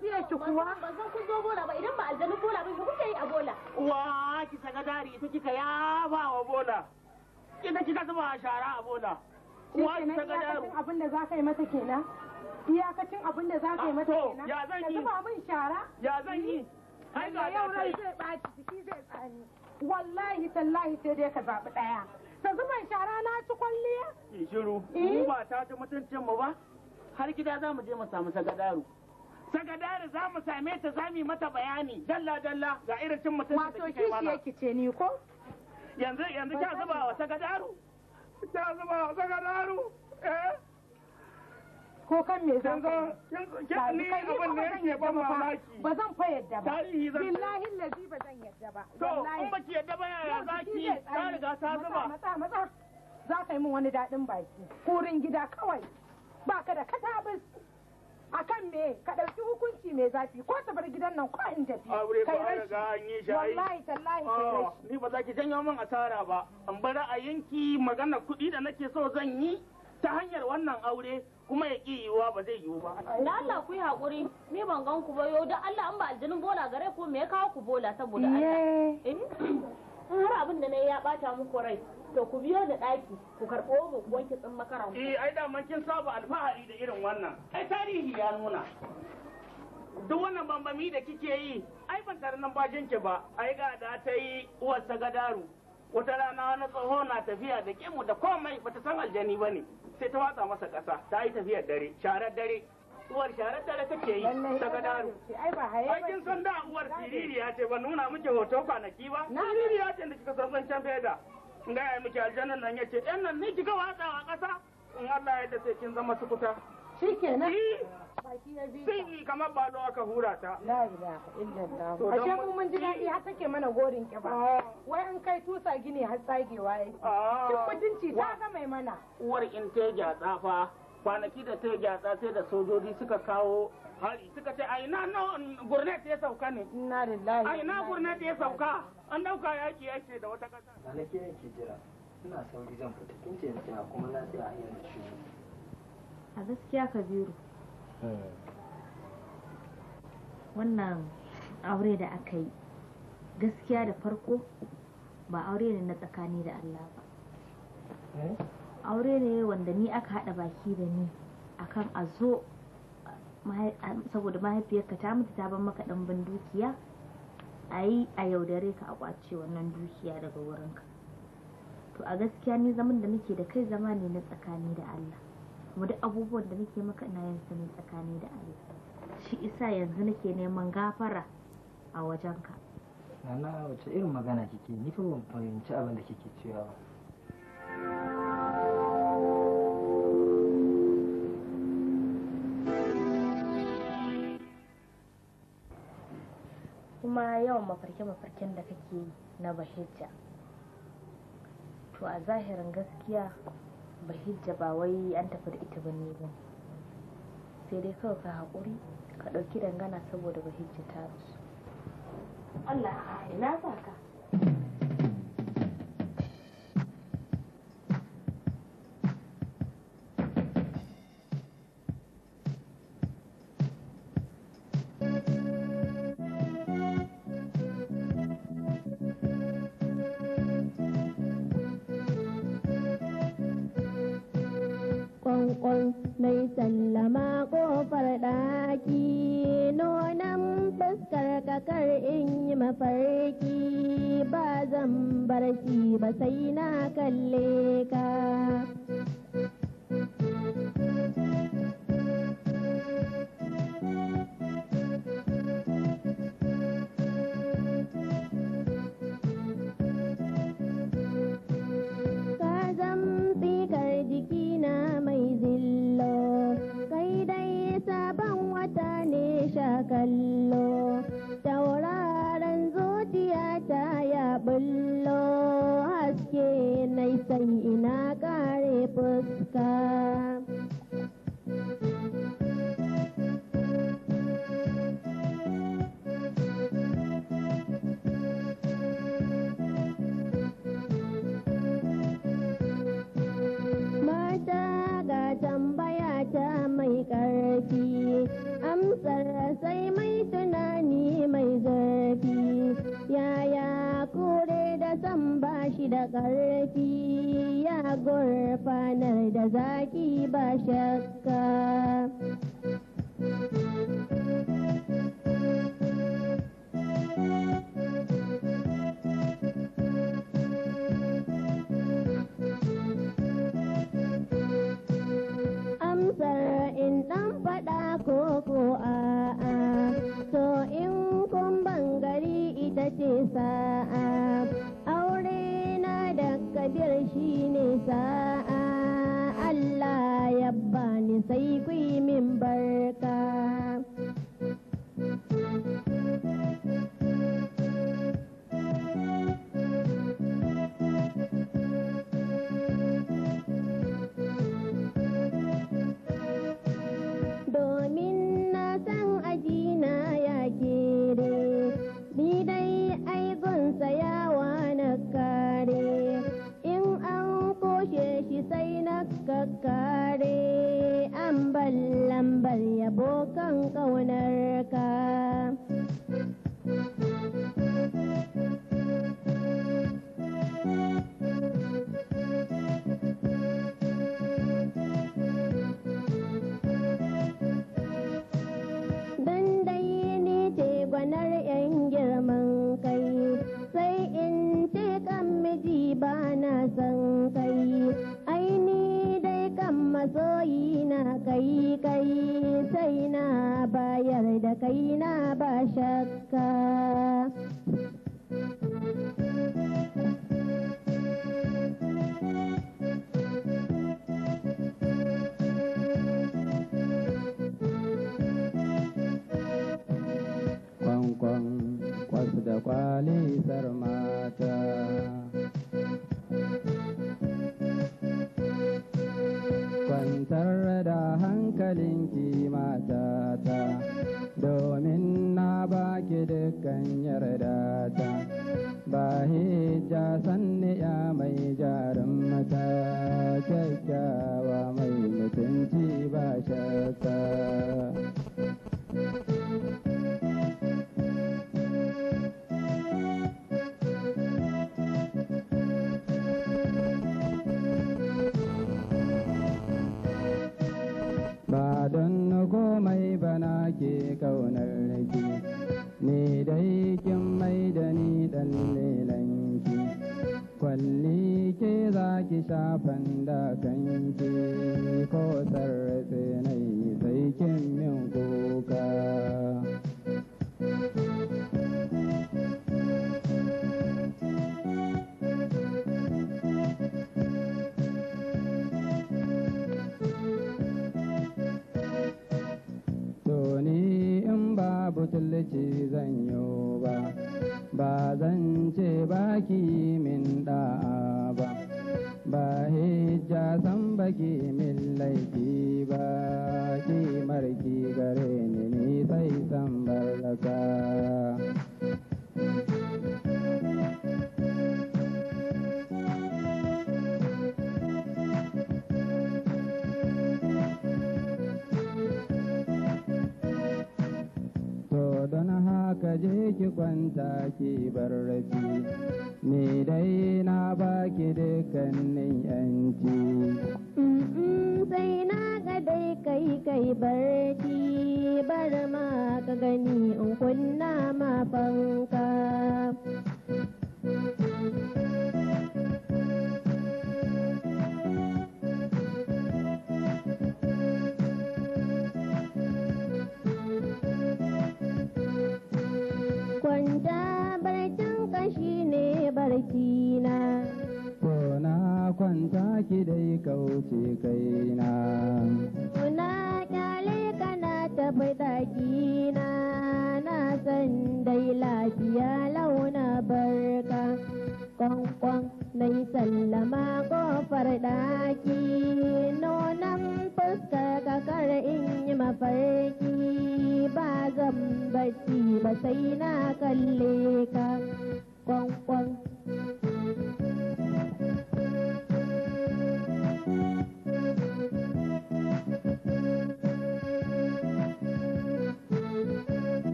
Speaker 2: fiye ki kuwa ba zan kun zo bola ba idan ba aljanu bola ba ki kuke yi a bola wa ki saka dari ita kika ya ba wa bola kina kika zuba a shara a bola wa ki saka dari abin da za ka yi mata kenan iyakacin abin da za ka yi ah, mata kenan ya zan yi ka zuba abin shara ya zan yi
Speaker 3: daga yau rai zai
Speaker 2: ɓaci jiki zai tsani wallahi tallahi sai dai ka zaɓi ɗaya ka zuban shara na ci kwalliya shiru eh? mu ba ta ji mutuncin mu ba har gida za mu je mu samu sagadaru sagadari za mu same ta za mu yi mata bayani dalla dalla ga irin cin mutum da kike mana wato kishi ce ni ko yanzu yanzu ta zuba wa sagadaru
Speaker 1: ta zuba wa sagadaru eh
Speaker 2: ko kan me za zan ga kin ni abin da yake ban mamaki ba zan fa yadda ba billahi lazi ba zan yadda ba to in baki yadda ba yaya zaki ta riga ta zuba matsa matsa za ka yi min wani dadin baki kurin gida kawai baka da katabis akan me ka ɗauki hukunci mai zafi ko ta bar gidan nan ko in tafi kai rashi wallahi tallahi kai oh, ni ba za ki janyo min asara ba an bar ra'ayinki magana kuɗi da nake so zan yi ta hanyar wannan aure kuma ya ƙi yiwuwa ba zai yiwu ba. Na Allah ku yi haƙuri ni ban gan ku ba yau da Allah an ba aljinin bola gare ku me ya kawo ku bola saboda Allah. Eh? In har abin da na ya ɓata muku rai to ku biyo da ɗaki ku karɓo mu wanke tsin makaran. Eh ai da ma kin saba alfahari da irin wannan. Ai tarihi ya nuna. duk wannan bambami da kike yi ai ban tare nan bajin ki ba ai ga da ta yi uwar gadaru wata rana na tsoho na tafiya da kemu da komai bata san aljani ba ne. sai ta watsa masa ƙasa ta yi tafiyar dare sharar dare uwar sharar dare take yi ta ga daru kin san da uwar siriri ya ce ba nuna miki hoto kwanaki ba siriri ya ce da kika san zancen feda in gaya miki aljannan nan ya ce yan nan ne kika watsa a ƙasa in Allah ya da sai kin zama sukuta shi kenan sun yi kamar ba aka hura ta. La ilaha illallah. Ashe mu mun ji daɗi har take mana gorin kiba. Ah. Wai an kai tusa gini har tsagewa yake. Cin ah. mutunci ta ga mai mana. Uwar in ta gyatsa fa kwanaki da ta gyatsa sai da sojoji suka kawo hari suka ce a ina na gurnet ya sauka ne. Inna lillahi. A ina gurnet ya sauka an ɗauka yaƙi yake da wata ƙasa.
Speaker 3: Na nake yanki jira. Ina sauri
Speaker 2: zan fita kin ce kuma na tsaya a yanzu shi. a gaskiya kabiru
Speaker 5: wannan aure da aka yi gaskiya da farko ba aure ne na tsakani da allah
Speaker 1: ba
Speaker 2: aure ne wanda ni aka haɗa baki da ni kan a zo
Speaker 5: saboda mahaifiyarka ta mutu ta ban maka ɗanban dukiya a yi a yaudare ka a kwace wannan dukiya daga wurinka to a gaskiya ni zaman da muke da kai zama ne na tsakani da allah kuma duk abubuwan da nake maka ina yin su ne
Speaker 1: tsakani da ali shi isa yanzu nake neman gafara a wajenka
Speaker 2: nana wace irin magana kike ni fa ban fahimci abin da kike cewa ba kuma yawan mafarke-mafarken da kake na bahijja to a zahirin gaskiya bahijja ba wai an tafi da ita bane ba sai dai kawai ka haƙuri ka ɗauki dangana saboda bahijja ta rasu Allah ina za ka
Speaker 5: nan mai sallama kofar ɗaki nonan fuskar kakar in yi mafarki ba zan barci ba sai na kalle ka ƙarfi ya gurfanar da zaki ba shakka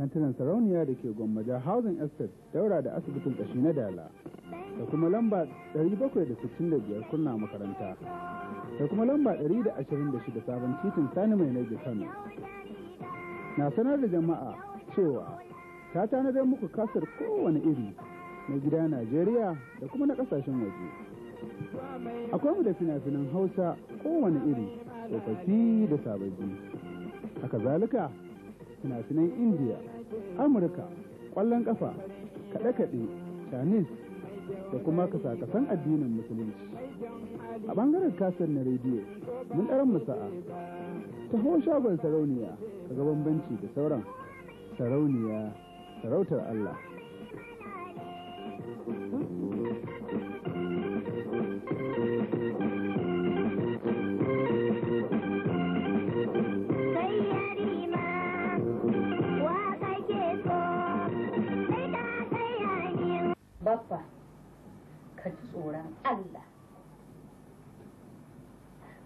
Speaker 2: kantinan sarauniya da ke gwammaja housing estate daura da asibitin kashi na dala da kuma lamba 765 kunna makaranta da kuma lamba 126 sabon titin sani mai nage kano na sanar da jama'a cewa ta tanadar muku kasar kowane iri na gida najeriya da kuma na kasashen waje akwai mu da fina-finan hausa kowane iri tsofaffi da sababbi a kazalika. fina indiya amurka ƙwallon ƙafa kaɗe-kaɗe chinese da kuma kasakasan addinin musulunci a ɓangaren kasar na rediyo mun ɗaran musa'a taho shagon sarauniya ka ga bambanci da sauran
Speaker 3: sarauniya sarautar allah
Speaker 2: babba ka ji tsoron Allah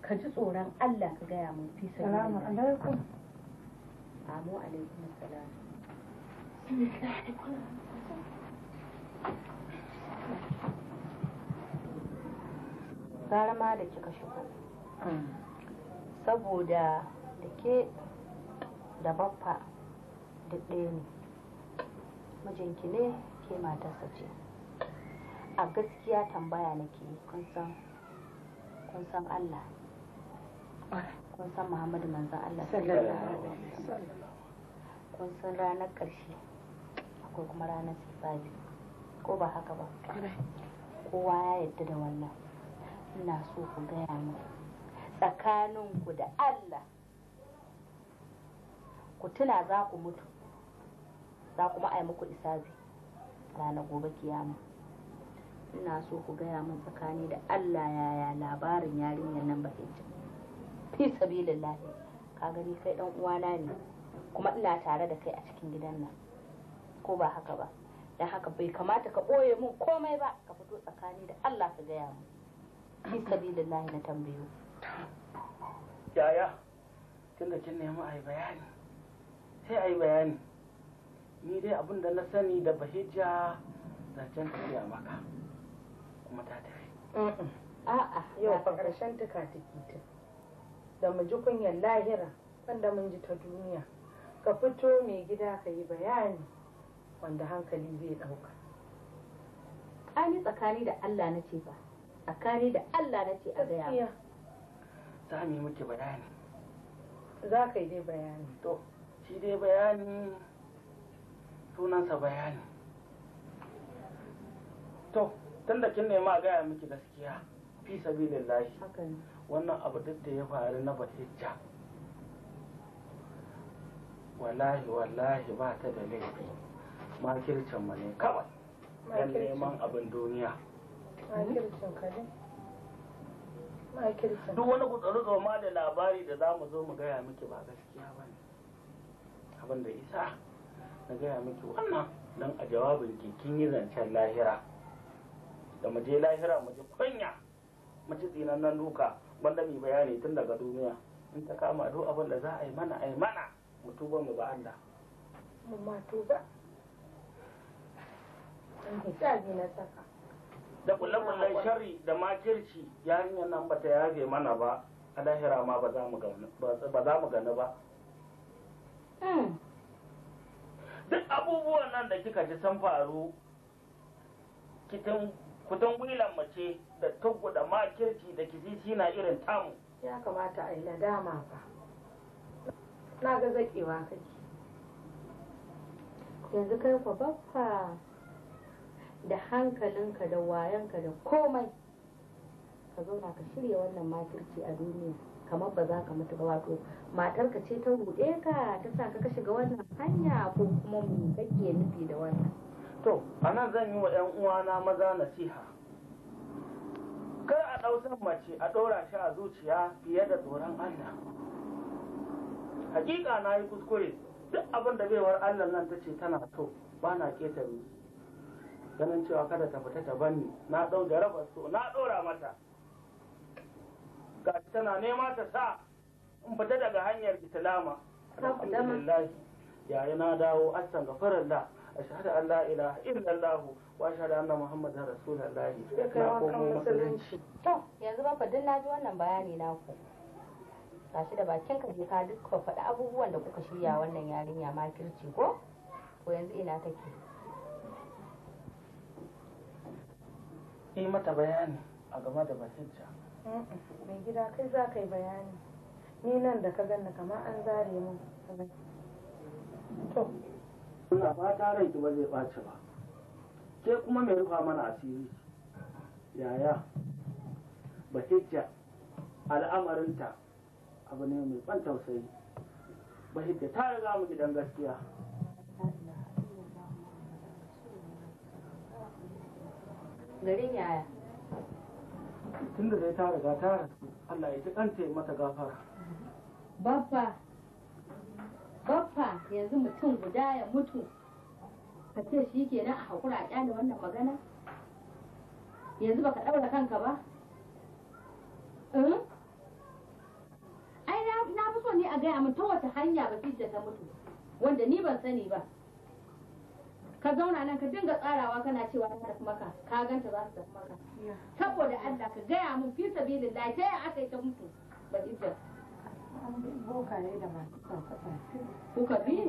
Speaker 2: ka ji tsoron Allah ka gaya mun fi salamu alaikum amu alaikum salam gara da kika shigo hmm. saboda da ke da baffa da ɗaya ne mijinki ne ke matarsa ce a gaskiya tambaya nake kun san Allah kun Muhammadu manzan Allah kun san ranar ƙarshe akwai kuma ranar sifali ko ba haka ba kowa ya yarda da wannan ina so ku gaya mu tsakaninku da Allah ku tuna za ku mutu za kuma ai muku isabi ranar gobe kiyama ina so ku gaya min tsakani da Allah yaya labarin yarinyar nan bakin ta fi sabilillahi ka gani kai dan uwana ne kuma ina tare da kai a cikin gidan nan ko ba haka ba dan haka bai kamata ka boye mun komai ba ka fito tsakani da Allah ka gaya min fi sabilillahi na tambayo yaya tunda kin nemi ai bayani sai ai bayani ni dai abun da na sani da bahijja zancen tafiya maka kuma ta tafi a'a yau fa karshen tuka tikiti da mu ji kunyar lahira wanda mun ji ta duniya ka fito mai gida ka yi bayani wanda hankali zai ɗauka ani tsakani da Allah na ce ba tsakani da Allah na ce a gaya za mu yi muke bayani za ka yi dai bayani to shi dai bayani sunansa bayani to tun da kin nema gaya miki gaskiya fi sabilillahi wannan abu duk da ya faru na batijja wallahi wallahi ba ta da laifi makircin mu ne kawai
Speaker 3: dan neman
Speaker 2: abin duniya duk wani gutsuru ma da labari da za mu zo mu gaya miki ba gaskiya ba ne abin da isa na gaya miki wannan don a jawabin kin yi zancen lahira da mu je lahira mu ji kunya mu ji nan duka banda mai bayani tun daga duniya in ta kama duk abin da za a yi mana a yi mana mu tuba mu ba Allah mu ma tuba da kullakullan shari da makirci yarinyar nan bata yage mana ba a lahira ma ba za mu gani ba hmm. duk abubuwan nan da kika ji sun faru kitin kudin wilan mace da tuggu da makirci da kizici na irin tamu ya kamata a yi nadama fa na ga zakewa kake yanzu kai ku baffa da hankalinka da wayanka da komai ka zauna ka shirya wannan makirci a duniya kamar ba za ka mutu ba wato matarka ce ta ruɗe ka ta sa ka shiga wannan hanya ko kuma mu kake nufi da wannan to ana zan yi wa 'yan uwana maza nasiha kar a ɗautan mace a ɗora shi a zuciya fiye da tsoron allah hakika na yi kuskure duk abin da baiwar allah nan ta ce tana so ba na ketare ganin cewa kada ta fita ta banni na ɗau da rabar so na ɗora mata Kashi tana nema ta sa in fita daga hanyar islama alhamdulillah yayi na dawo ga farin da ashhadu an la ilaha illallah wa ashhadu anna muhammadar rasulullahi na komo musulunci to yanzu ba fa na ji wannan bayani naku gashi da bakin ka je ka faɗa faɗi abubuwan da kuka shirya wannan yarinya makirci ko ko yanzu ina take yi mata bayani a game da bahijja mai gida kai za ka yi bayani ni nan da ka ganna kamar an zare mu to ina fata ranki ba zai ɓaci ba ke kuma mai rufa mana asiri yaya ba bahijja al'amarinta abu ne mai ban tausayi Ba hijja ta riga mu gidan gaskiya garin yaya tun da zai ta riga ta Allah ya ji kanta mata gafara
Speaker 1: Bapa. baffa yanzu
Speaker 2: mutum guda ya mutu ka ce shi kenan a haƙura a ƙyale wannan magana yanzu baka ɗaura kanka ba eh? ai na fi so ne a gaya min ta wata hanya ba da ta mutu wanda ni ban sani ba ka zauna nan ka dinga tsarawa kana cewa ta tafi maka ka ganta za su tafi maka saboda Allah ka gaya min fi sabilillah ta ya aka yi ta mutu ba kuka bi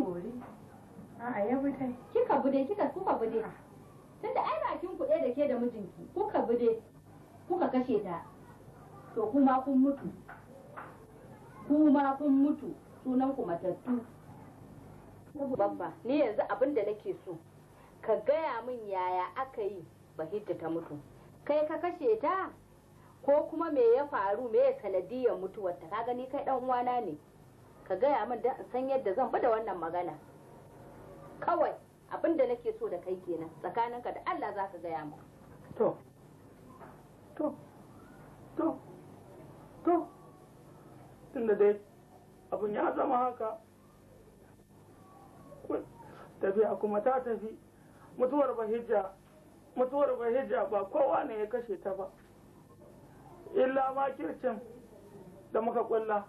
Speaker 2: a'a ya bi dai kika bi dai kika kuka bi dai tunda ai bakin ku ɗaya da ke da mijinki kuka bude dai kuka kashe ta to kuma kun mutu kuma kun mutu sunan ku matattu babba ni yanzu abin da nake so ka gaya min yaya aka yi bahidda ta mutu kai ka kashe ta ko kuma me ya faru me ya sanadiyar mutuwar ta ka gani kai dan uwana ne ka gaya min dan san yadda zan bada wannan magana kawai abin da nake so da kai kenan tsakaninka da Allah za ka gaya min to to to to tunda dai abin ya zama haka tafiya kuma ta tafi mutuwar bahijja mutuwar bahijja ba kowa ne ya kashe ta ba illa makircin da muka kulla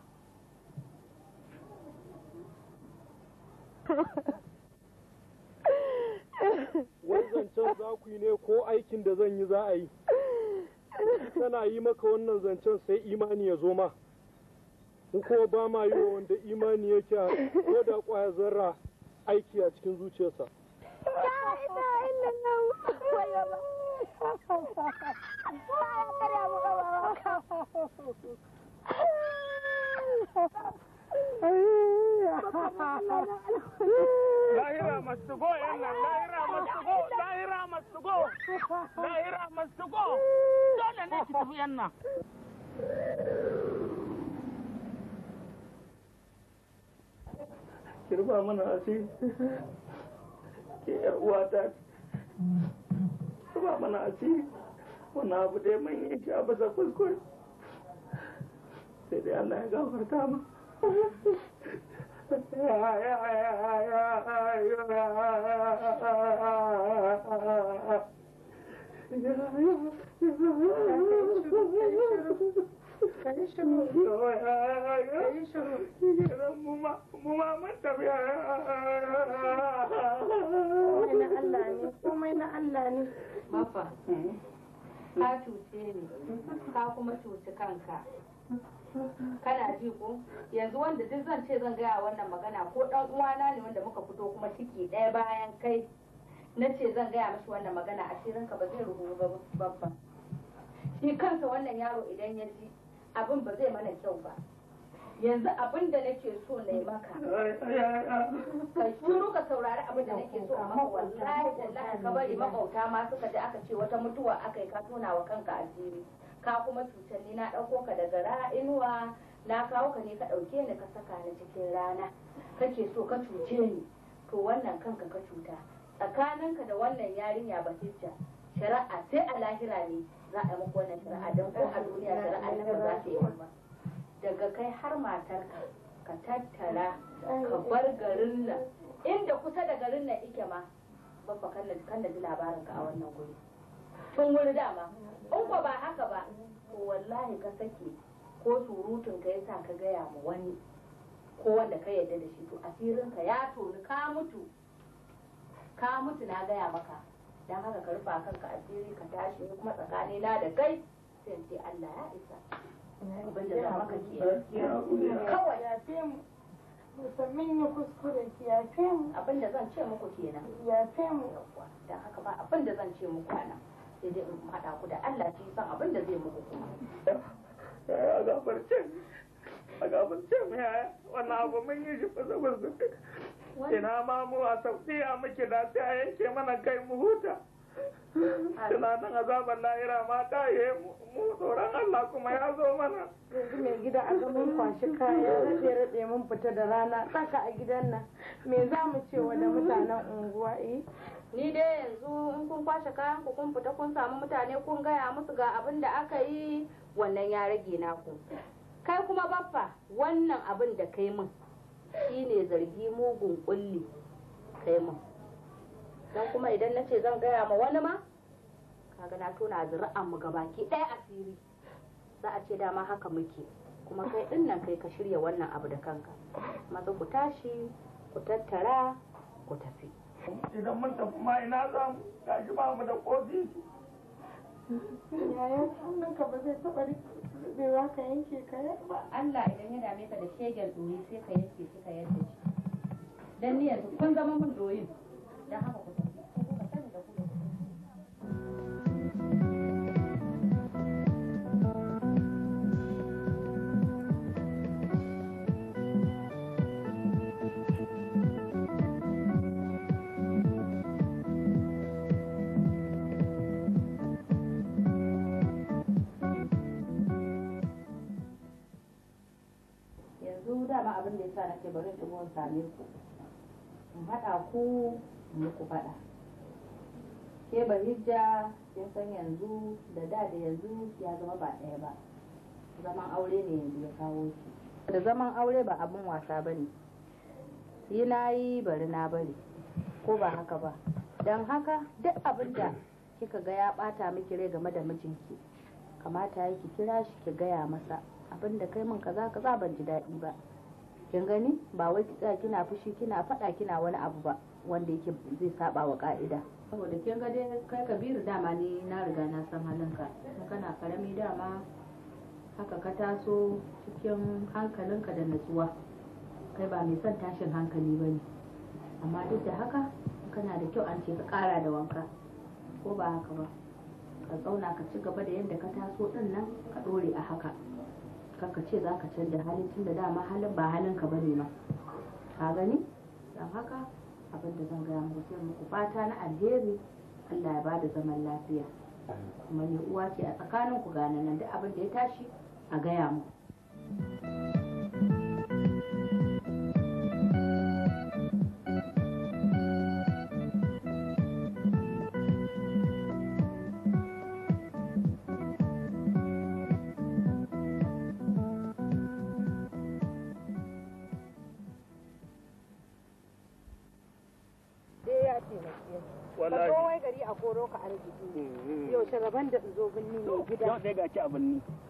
Speaker 2: wai zancen za ku ne ko aikin da zan yi za a yi tana yi maka wannan zancen sai imani ya zo ma ko ba ma yi wanda imani yake ko da kwaya zarra aiki a cikin zuciyarsa ya na Kirba mana asiri, ke ‘yar'uwa ta ba mana asiri wani abu dai mun yi shi a bisa kuskure sai dai Allah ya gafarta ma
Speaker 1: Yeah, yeah, yeah. kai shi komai na Allah
Speaker 2: ne cuci kanka kana ji ko yanzu wanda duk zan ce zan gaya wannan magana ko dan uwana ne wanda muka fito kuma ciki ɗaya bayan kai na ce zan gaya mashi wannan magana a ka ba zai rubu babba shi kansa wannan yaro idan ya ji abin ba zai mana kyau ba yanzu abin da nake so na yi maka ka shiru ka saurari abin da nake so a wallahi tallahi ka bari makauta ma suka ji aka ce wata mutuwa aka yi ka tona wa kanka asiri ka kuma cutar ni na ɗauko ka daga ra'inuwa na kawo ka ne ka ɗauke ni ka saka ni cikin rana kake so ka cuce ni to wannan kanka ka cuta tsakaninka da wannan yarinya batijja shari'a sai a lahira ne za a yi muku wannan shari'a don ko a duniya shari'a nan za ta yi daga kai har matar ka tattara ka bar garin nan inda kusa da garin nan ike ma babba kan da ji labarin ka a wannan guri tun wuri dama in ko ba haka ba to wallahi ka sake ko surutun ka yasa ka gaya ma wani ko wanda ka yarda da shi to asirin ka ya toni ka mutu ka mutu na gaya maka dan haka ka rufa kanka asiri ka tashi ni kuma tsakanina da kai sai sai
Speaker 1: Allah ya isa abin da za maka ke kawai ya fi mu musamman ya kuskure ki ya fi mu
Speaker 2: abin da zan ce muku kenan ya fi mu dan haka ba abin da zan ce muku anan sai dai in haɗa ku da Allah shi san abin da zai muku kuma ya gafarce a gafarce mu yaya wannan abu mun yi shi fasa fasa ina ma mu a saudiya muke da sai a yanke mana kai mu huta tunanin azabar lahira ma ta yi mu tsoron Allah kuma ya zo mana yanzu mai gida a ga mun kwashi kaya zai rade mun fita da rana tsaka a gidan nan me za mu ce wa da mutanen unguwa eh ni dai yanzu in kun kwashe kayan ku kun fita kun samu mutane kun gaya musu ga abin da aka yi wannan ya rage naku kai kuma baffa wannan abin da kai min shine zargi mugun kulli kai mun don kuma idan na ce zan gaya ma wani ma kaga na tona zuri'an mu gabaki
Speaker 1: ɗaya asiri
Speaker 2: za a ce dama haka muke kuma kai din nan kai ka shirya wannan abu da kanka maza ku tashi ku tattara ku tafi idan mun tafi ma ina zan mu ba mu da kofi
Speaker 1: yayan ka ba zai taɓa rike bai ka yanke ka Allah
Speaker 2: idan ya dame ka da shegel ɗoyi sai ka yanke shi ka yadda shi dan ni yanzu kun zama mun ɗoyin dan haka ku abin da ya sa nake bari in in same ku in haɗa ku in ku faɗa
Speaker 1: ke bahijja ya san yanzu da da da yanzu ya zama ba ɗaya ba
Speaker 2: zaman aure ne yanzu ya kawo ki da zaman aure ba abin wasa ba ne yi na yi bari na bari ko ba haka ba don haka duk abin da
Speaker 1: kika ga ya ɓata
Speaker 2: miki rai game da mijinki kamata ya ki kira shi ki gaya masa abin da kai min kaza kaza ban ji daɗi ba kin gani ba wai kitsa kina fushi kina fada kina wani abu ba wanda yake zai saba wa ka'ida saboda kin ga kai kabiru dama ni na riga na san halinka kana karami dama haka ka taso cikin hankalinka da natsuwa kai ba mai son tashin hankali ba ne amma duk da haka kana da kyau an ce ka kara da wanka ko ba haka ba ka zauna ka ci gaba da yadda ka taso din nan ka dore a haka karka ce za ka canza halin tun da dama halin ba halin ka bane ma ka gani don haka abin da zan gaya muku sai muku fata na alheri Allah ya bada zaman lafiya kuma ni uwa ce a tsakanin ku gane nan duk abin da ya tashi
Speaker 1: a gaya muku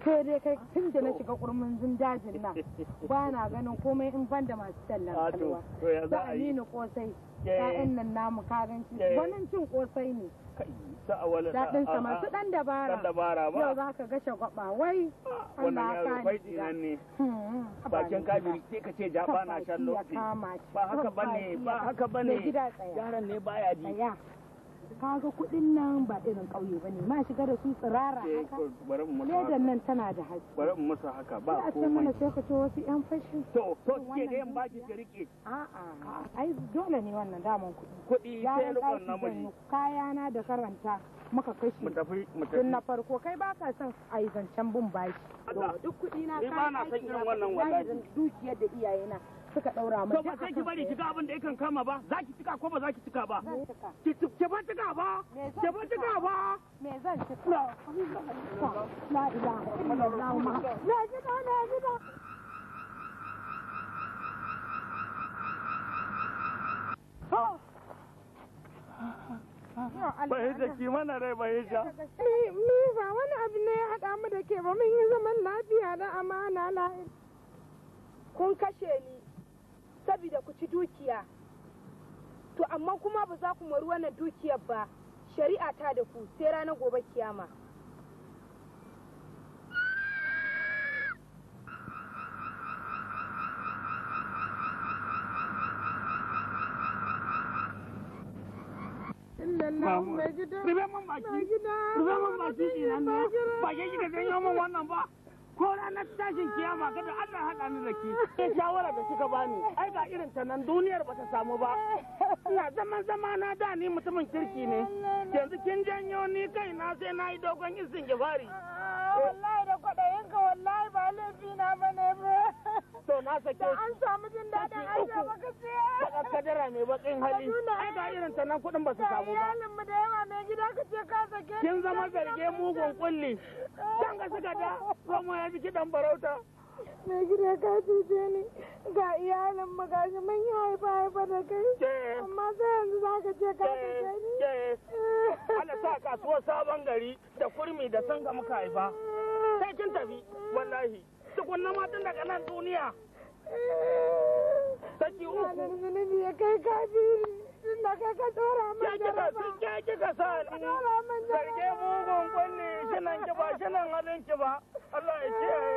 Speaker 2: sai dai kai tun da na shiga kurmin dajin nan ba na ganin komai in ban da masu tallan kalwa za a ni kosai ya'yan nan namu kaganci wannan cin kosai ne daɗin sama masu
Speaker 1: ɗan dabara yau za ka gashe gwaɓa wai ah, Allah ka ne hmm, hmm,
Speaker 2: bakin kaji sai ka ce ba na shan lokaci
Speaker 1: ba haka bane ba haka
Speaker 2: bane yaran ne baya ji kaga kudin nan ba irin kauye bane ma shiga da su tsirara eh, haka ledan nan tana da haƙƙi bari mu masa haka ba komai sai mana sai ka ce wasu yan fashi to to ke da yan baki ki rike a'a ai dole ne wannan daman kudi kudi sai na namiji kaya na da karanta muka kashi mu tafi mu tafi tun na farko kai ba ka son ai yi zancen bin bashi duk kudi na kai ba na san irin wannan wallahi dukiyar da iyayena suka daura mai to ba sai ki bari ki ga abin da yakan kama ba za ki cika ko ba za ki cika ba ki ki ba cika ba ki ba cika ba me zan
Speaker 1: cika la ilaha illallah la jida la
Speaker 2: jida Bai da ki mana rai bai ja.
Speaker 1: Ni ba wani abu ne ya haɗa mu da ke ba mun yi zaman lafiya da amana la.
Speaker 2: Kun kashe ni. saboda ku ci dukiya to amma kuma ba za ku mari wannan dukiyar ba shari'a ta da ku sai ranar gobe kiyama Rube mun baki, rube mun baki ne nan ne, ba ke yi janyo mun wannan ba. ko ranar tashin kiyama kada Allah haɗa ni da ke. Ke shawara da suka bani, ai ba irin ta nan duniyar ba ta samu ba. Ina zaman zama na da ni mutumin kirki ne. Yanzu kin janyo ni kai na sai na yi dogon izin gifari. Ah, wallahi da kwaɗayin ka wallahi ba laifi na ba ne ba. To na sake. Da an samu jin daɗin aisha baka
Speaker 1: ce. Baka
Speaker 2: kadara mai baƙin hali. Ai ba irin ta nan kuɗin ba su samu ba. Iyalin
Speaker 1: mu da yawa mai gida ka ce ka sake. Kin zama
Speaker 2: zarge mugun kulli.
Speaker 1: Kan ga suka da
Speaker 2: promo ya na kiɗan farauta.
Speaker 1: Mai gida ka cuce ni ga iyalin mu ga shi mun yi haifa haifa da kai. Amma sai yanzu za ka ce ka cuce ni.
Speaker 2: Ala sa kasuwar sabon gari da kurmi da ga muka haifa. Sai kin tafi wallahi. Tukunna matan daga
Speaker 1: nan duniya. saki uku yanar ya kai ya
Speaker 2: kika sa ni sarge ki ba shinan halin ki ba Allah ya kiyaye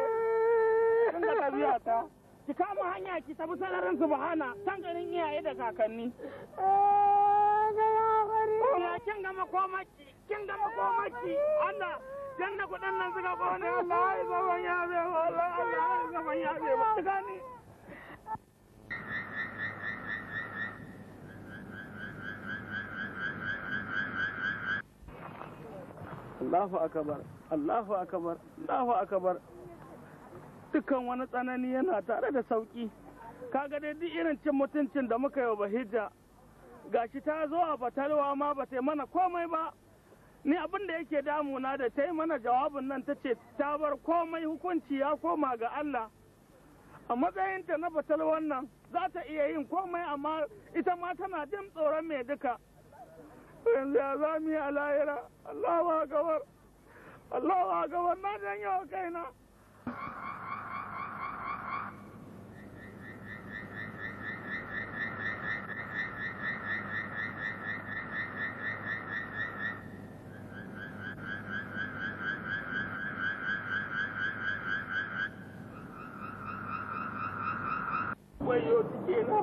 Speaker 2: tun da tabiya ta ki kama hanya ki tafi sararin subhana san iyaye da kakanni ya eh, kin gama komaki kin gama komaki Allah janna kudin nan suka bani Allah ya zaman ya zai Allah ya zaman ya Allahu akabar Allahu akabar Allahu akabar dukkan wani tsanani yana tare da sauki kaga dai duk irin cin mutuncin da muka yi bahija gashi ta zo a batalwa ma ba ta mana komai ba ni abin da yake damuna da ta yi mana jawabin nan ta ce ta bar komai hukunci ya koma ga Allah a matsayinta na batalwan nan za ta iya yin komai amma ita ma tana jin tsoron mai duka Jamia லாயிரா அல்லாஹ் அகவர் அல்லாஹ் அகவர் நான் எங்கே ஓகேனா ويوتينا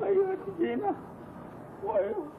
Speaker 2: ويوتينا ويوتينا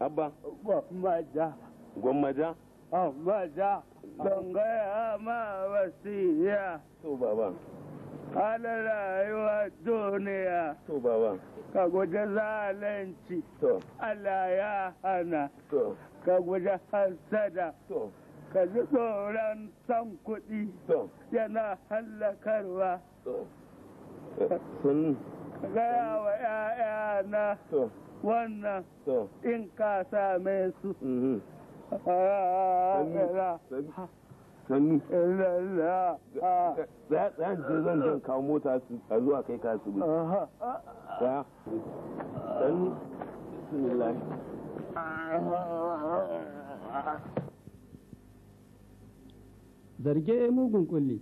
Speaker 2: abba gwammaja gwammaja gwammaja don gaya ma wasiya to baba hana rayuwa duniya to baba ka guje zalunci to ala ya hana to ka guje hasada to ka ji tsoron san kuɗi to yana hallakarwa to eh, sun gaya wa 'ya'yana to wannan in ka same su mhm. ah, sannu ya ah, ah, ka su sannu
Speaker 3: mugun kulli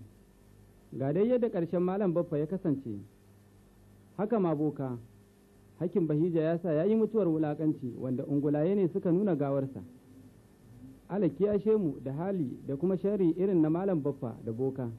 Speaker 3: ga dai yadda ƙarshen malam baffa ya kasance haka ma boka hakin bahija ya sa ya yi mutuwar wulakanci wanda ungulaye ne suka nuna gawarsa alaki ya mu da hali da kuma shari irin na malam baffa da boka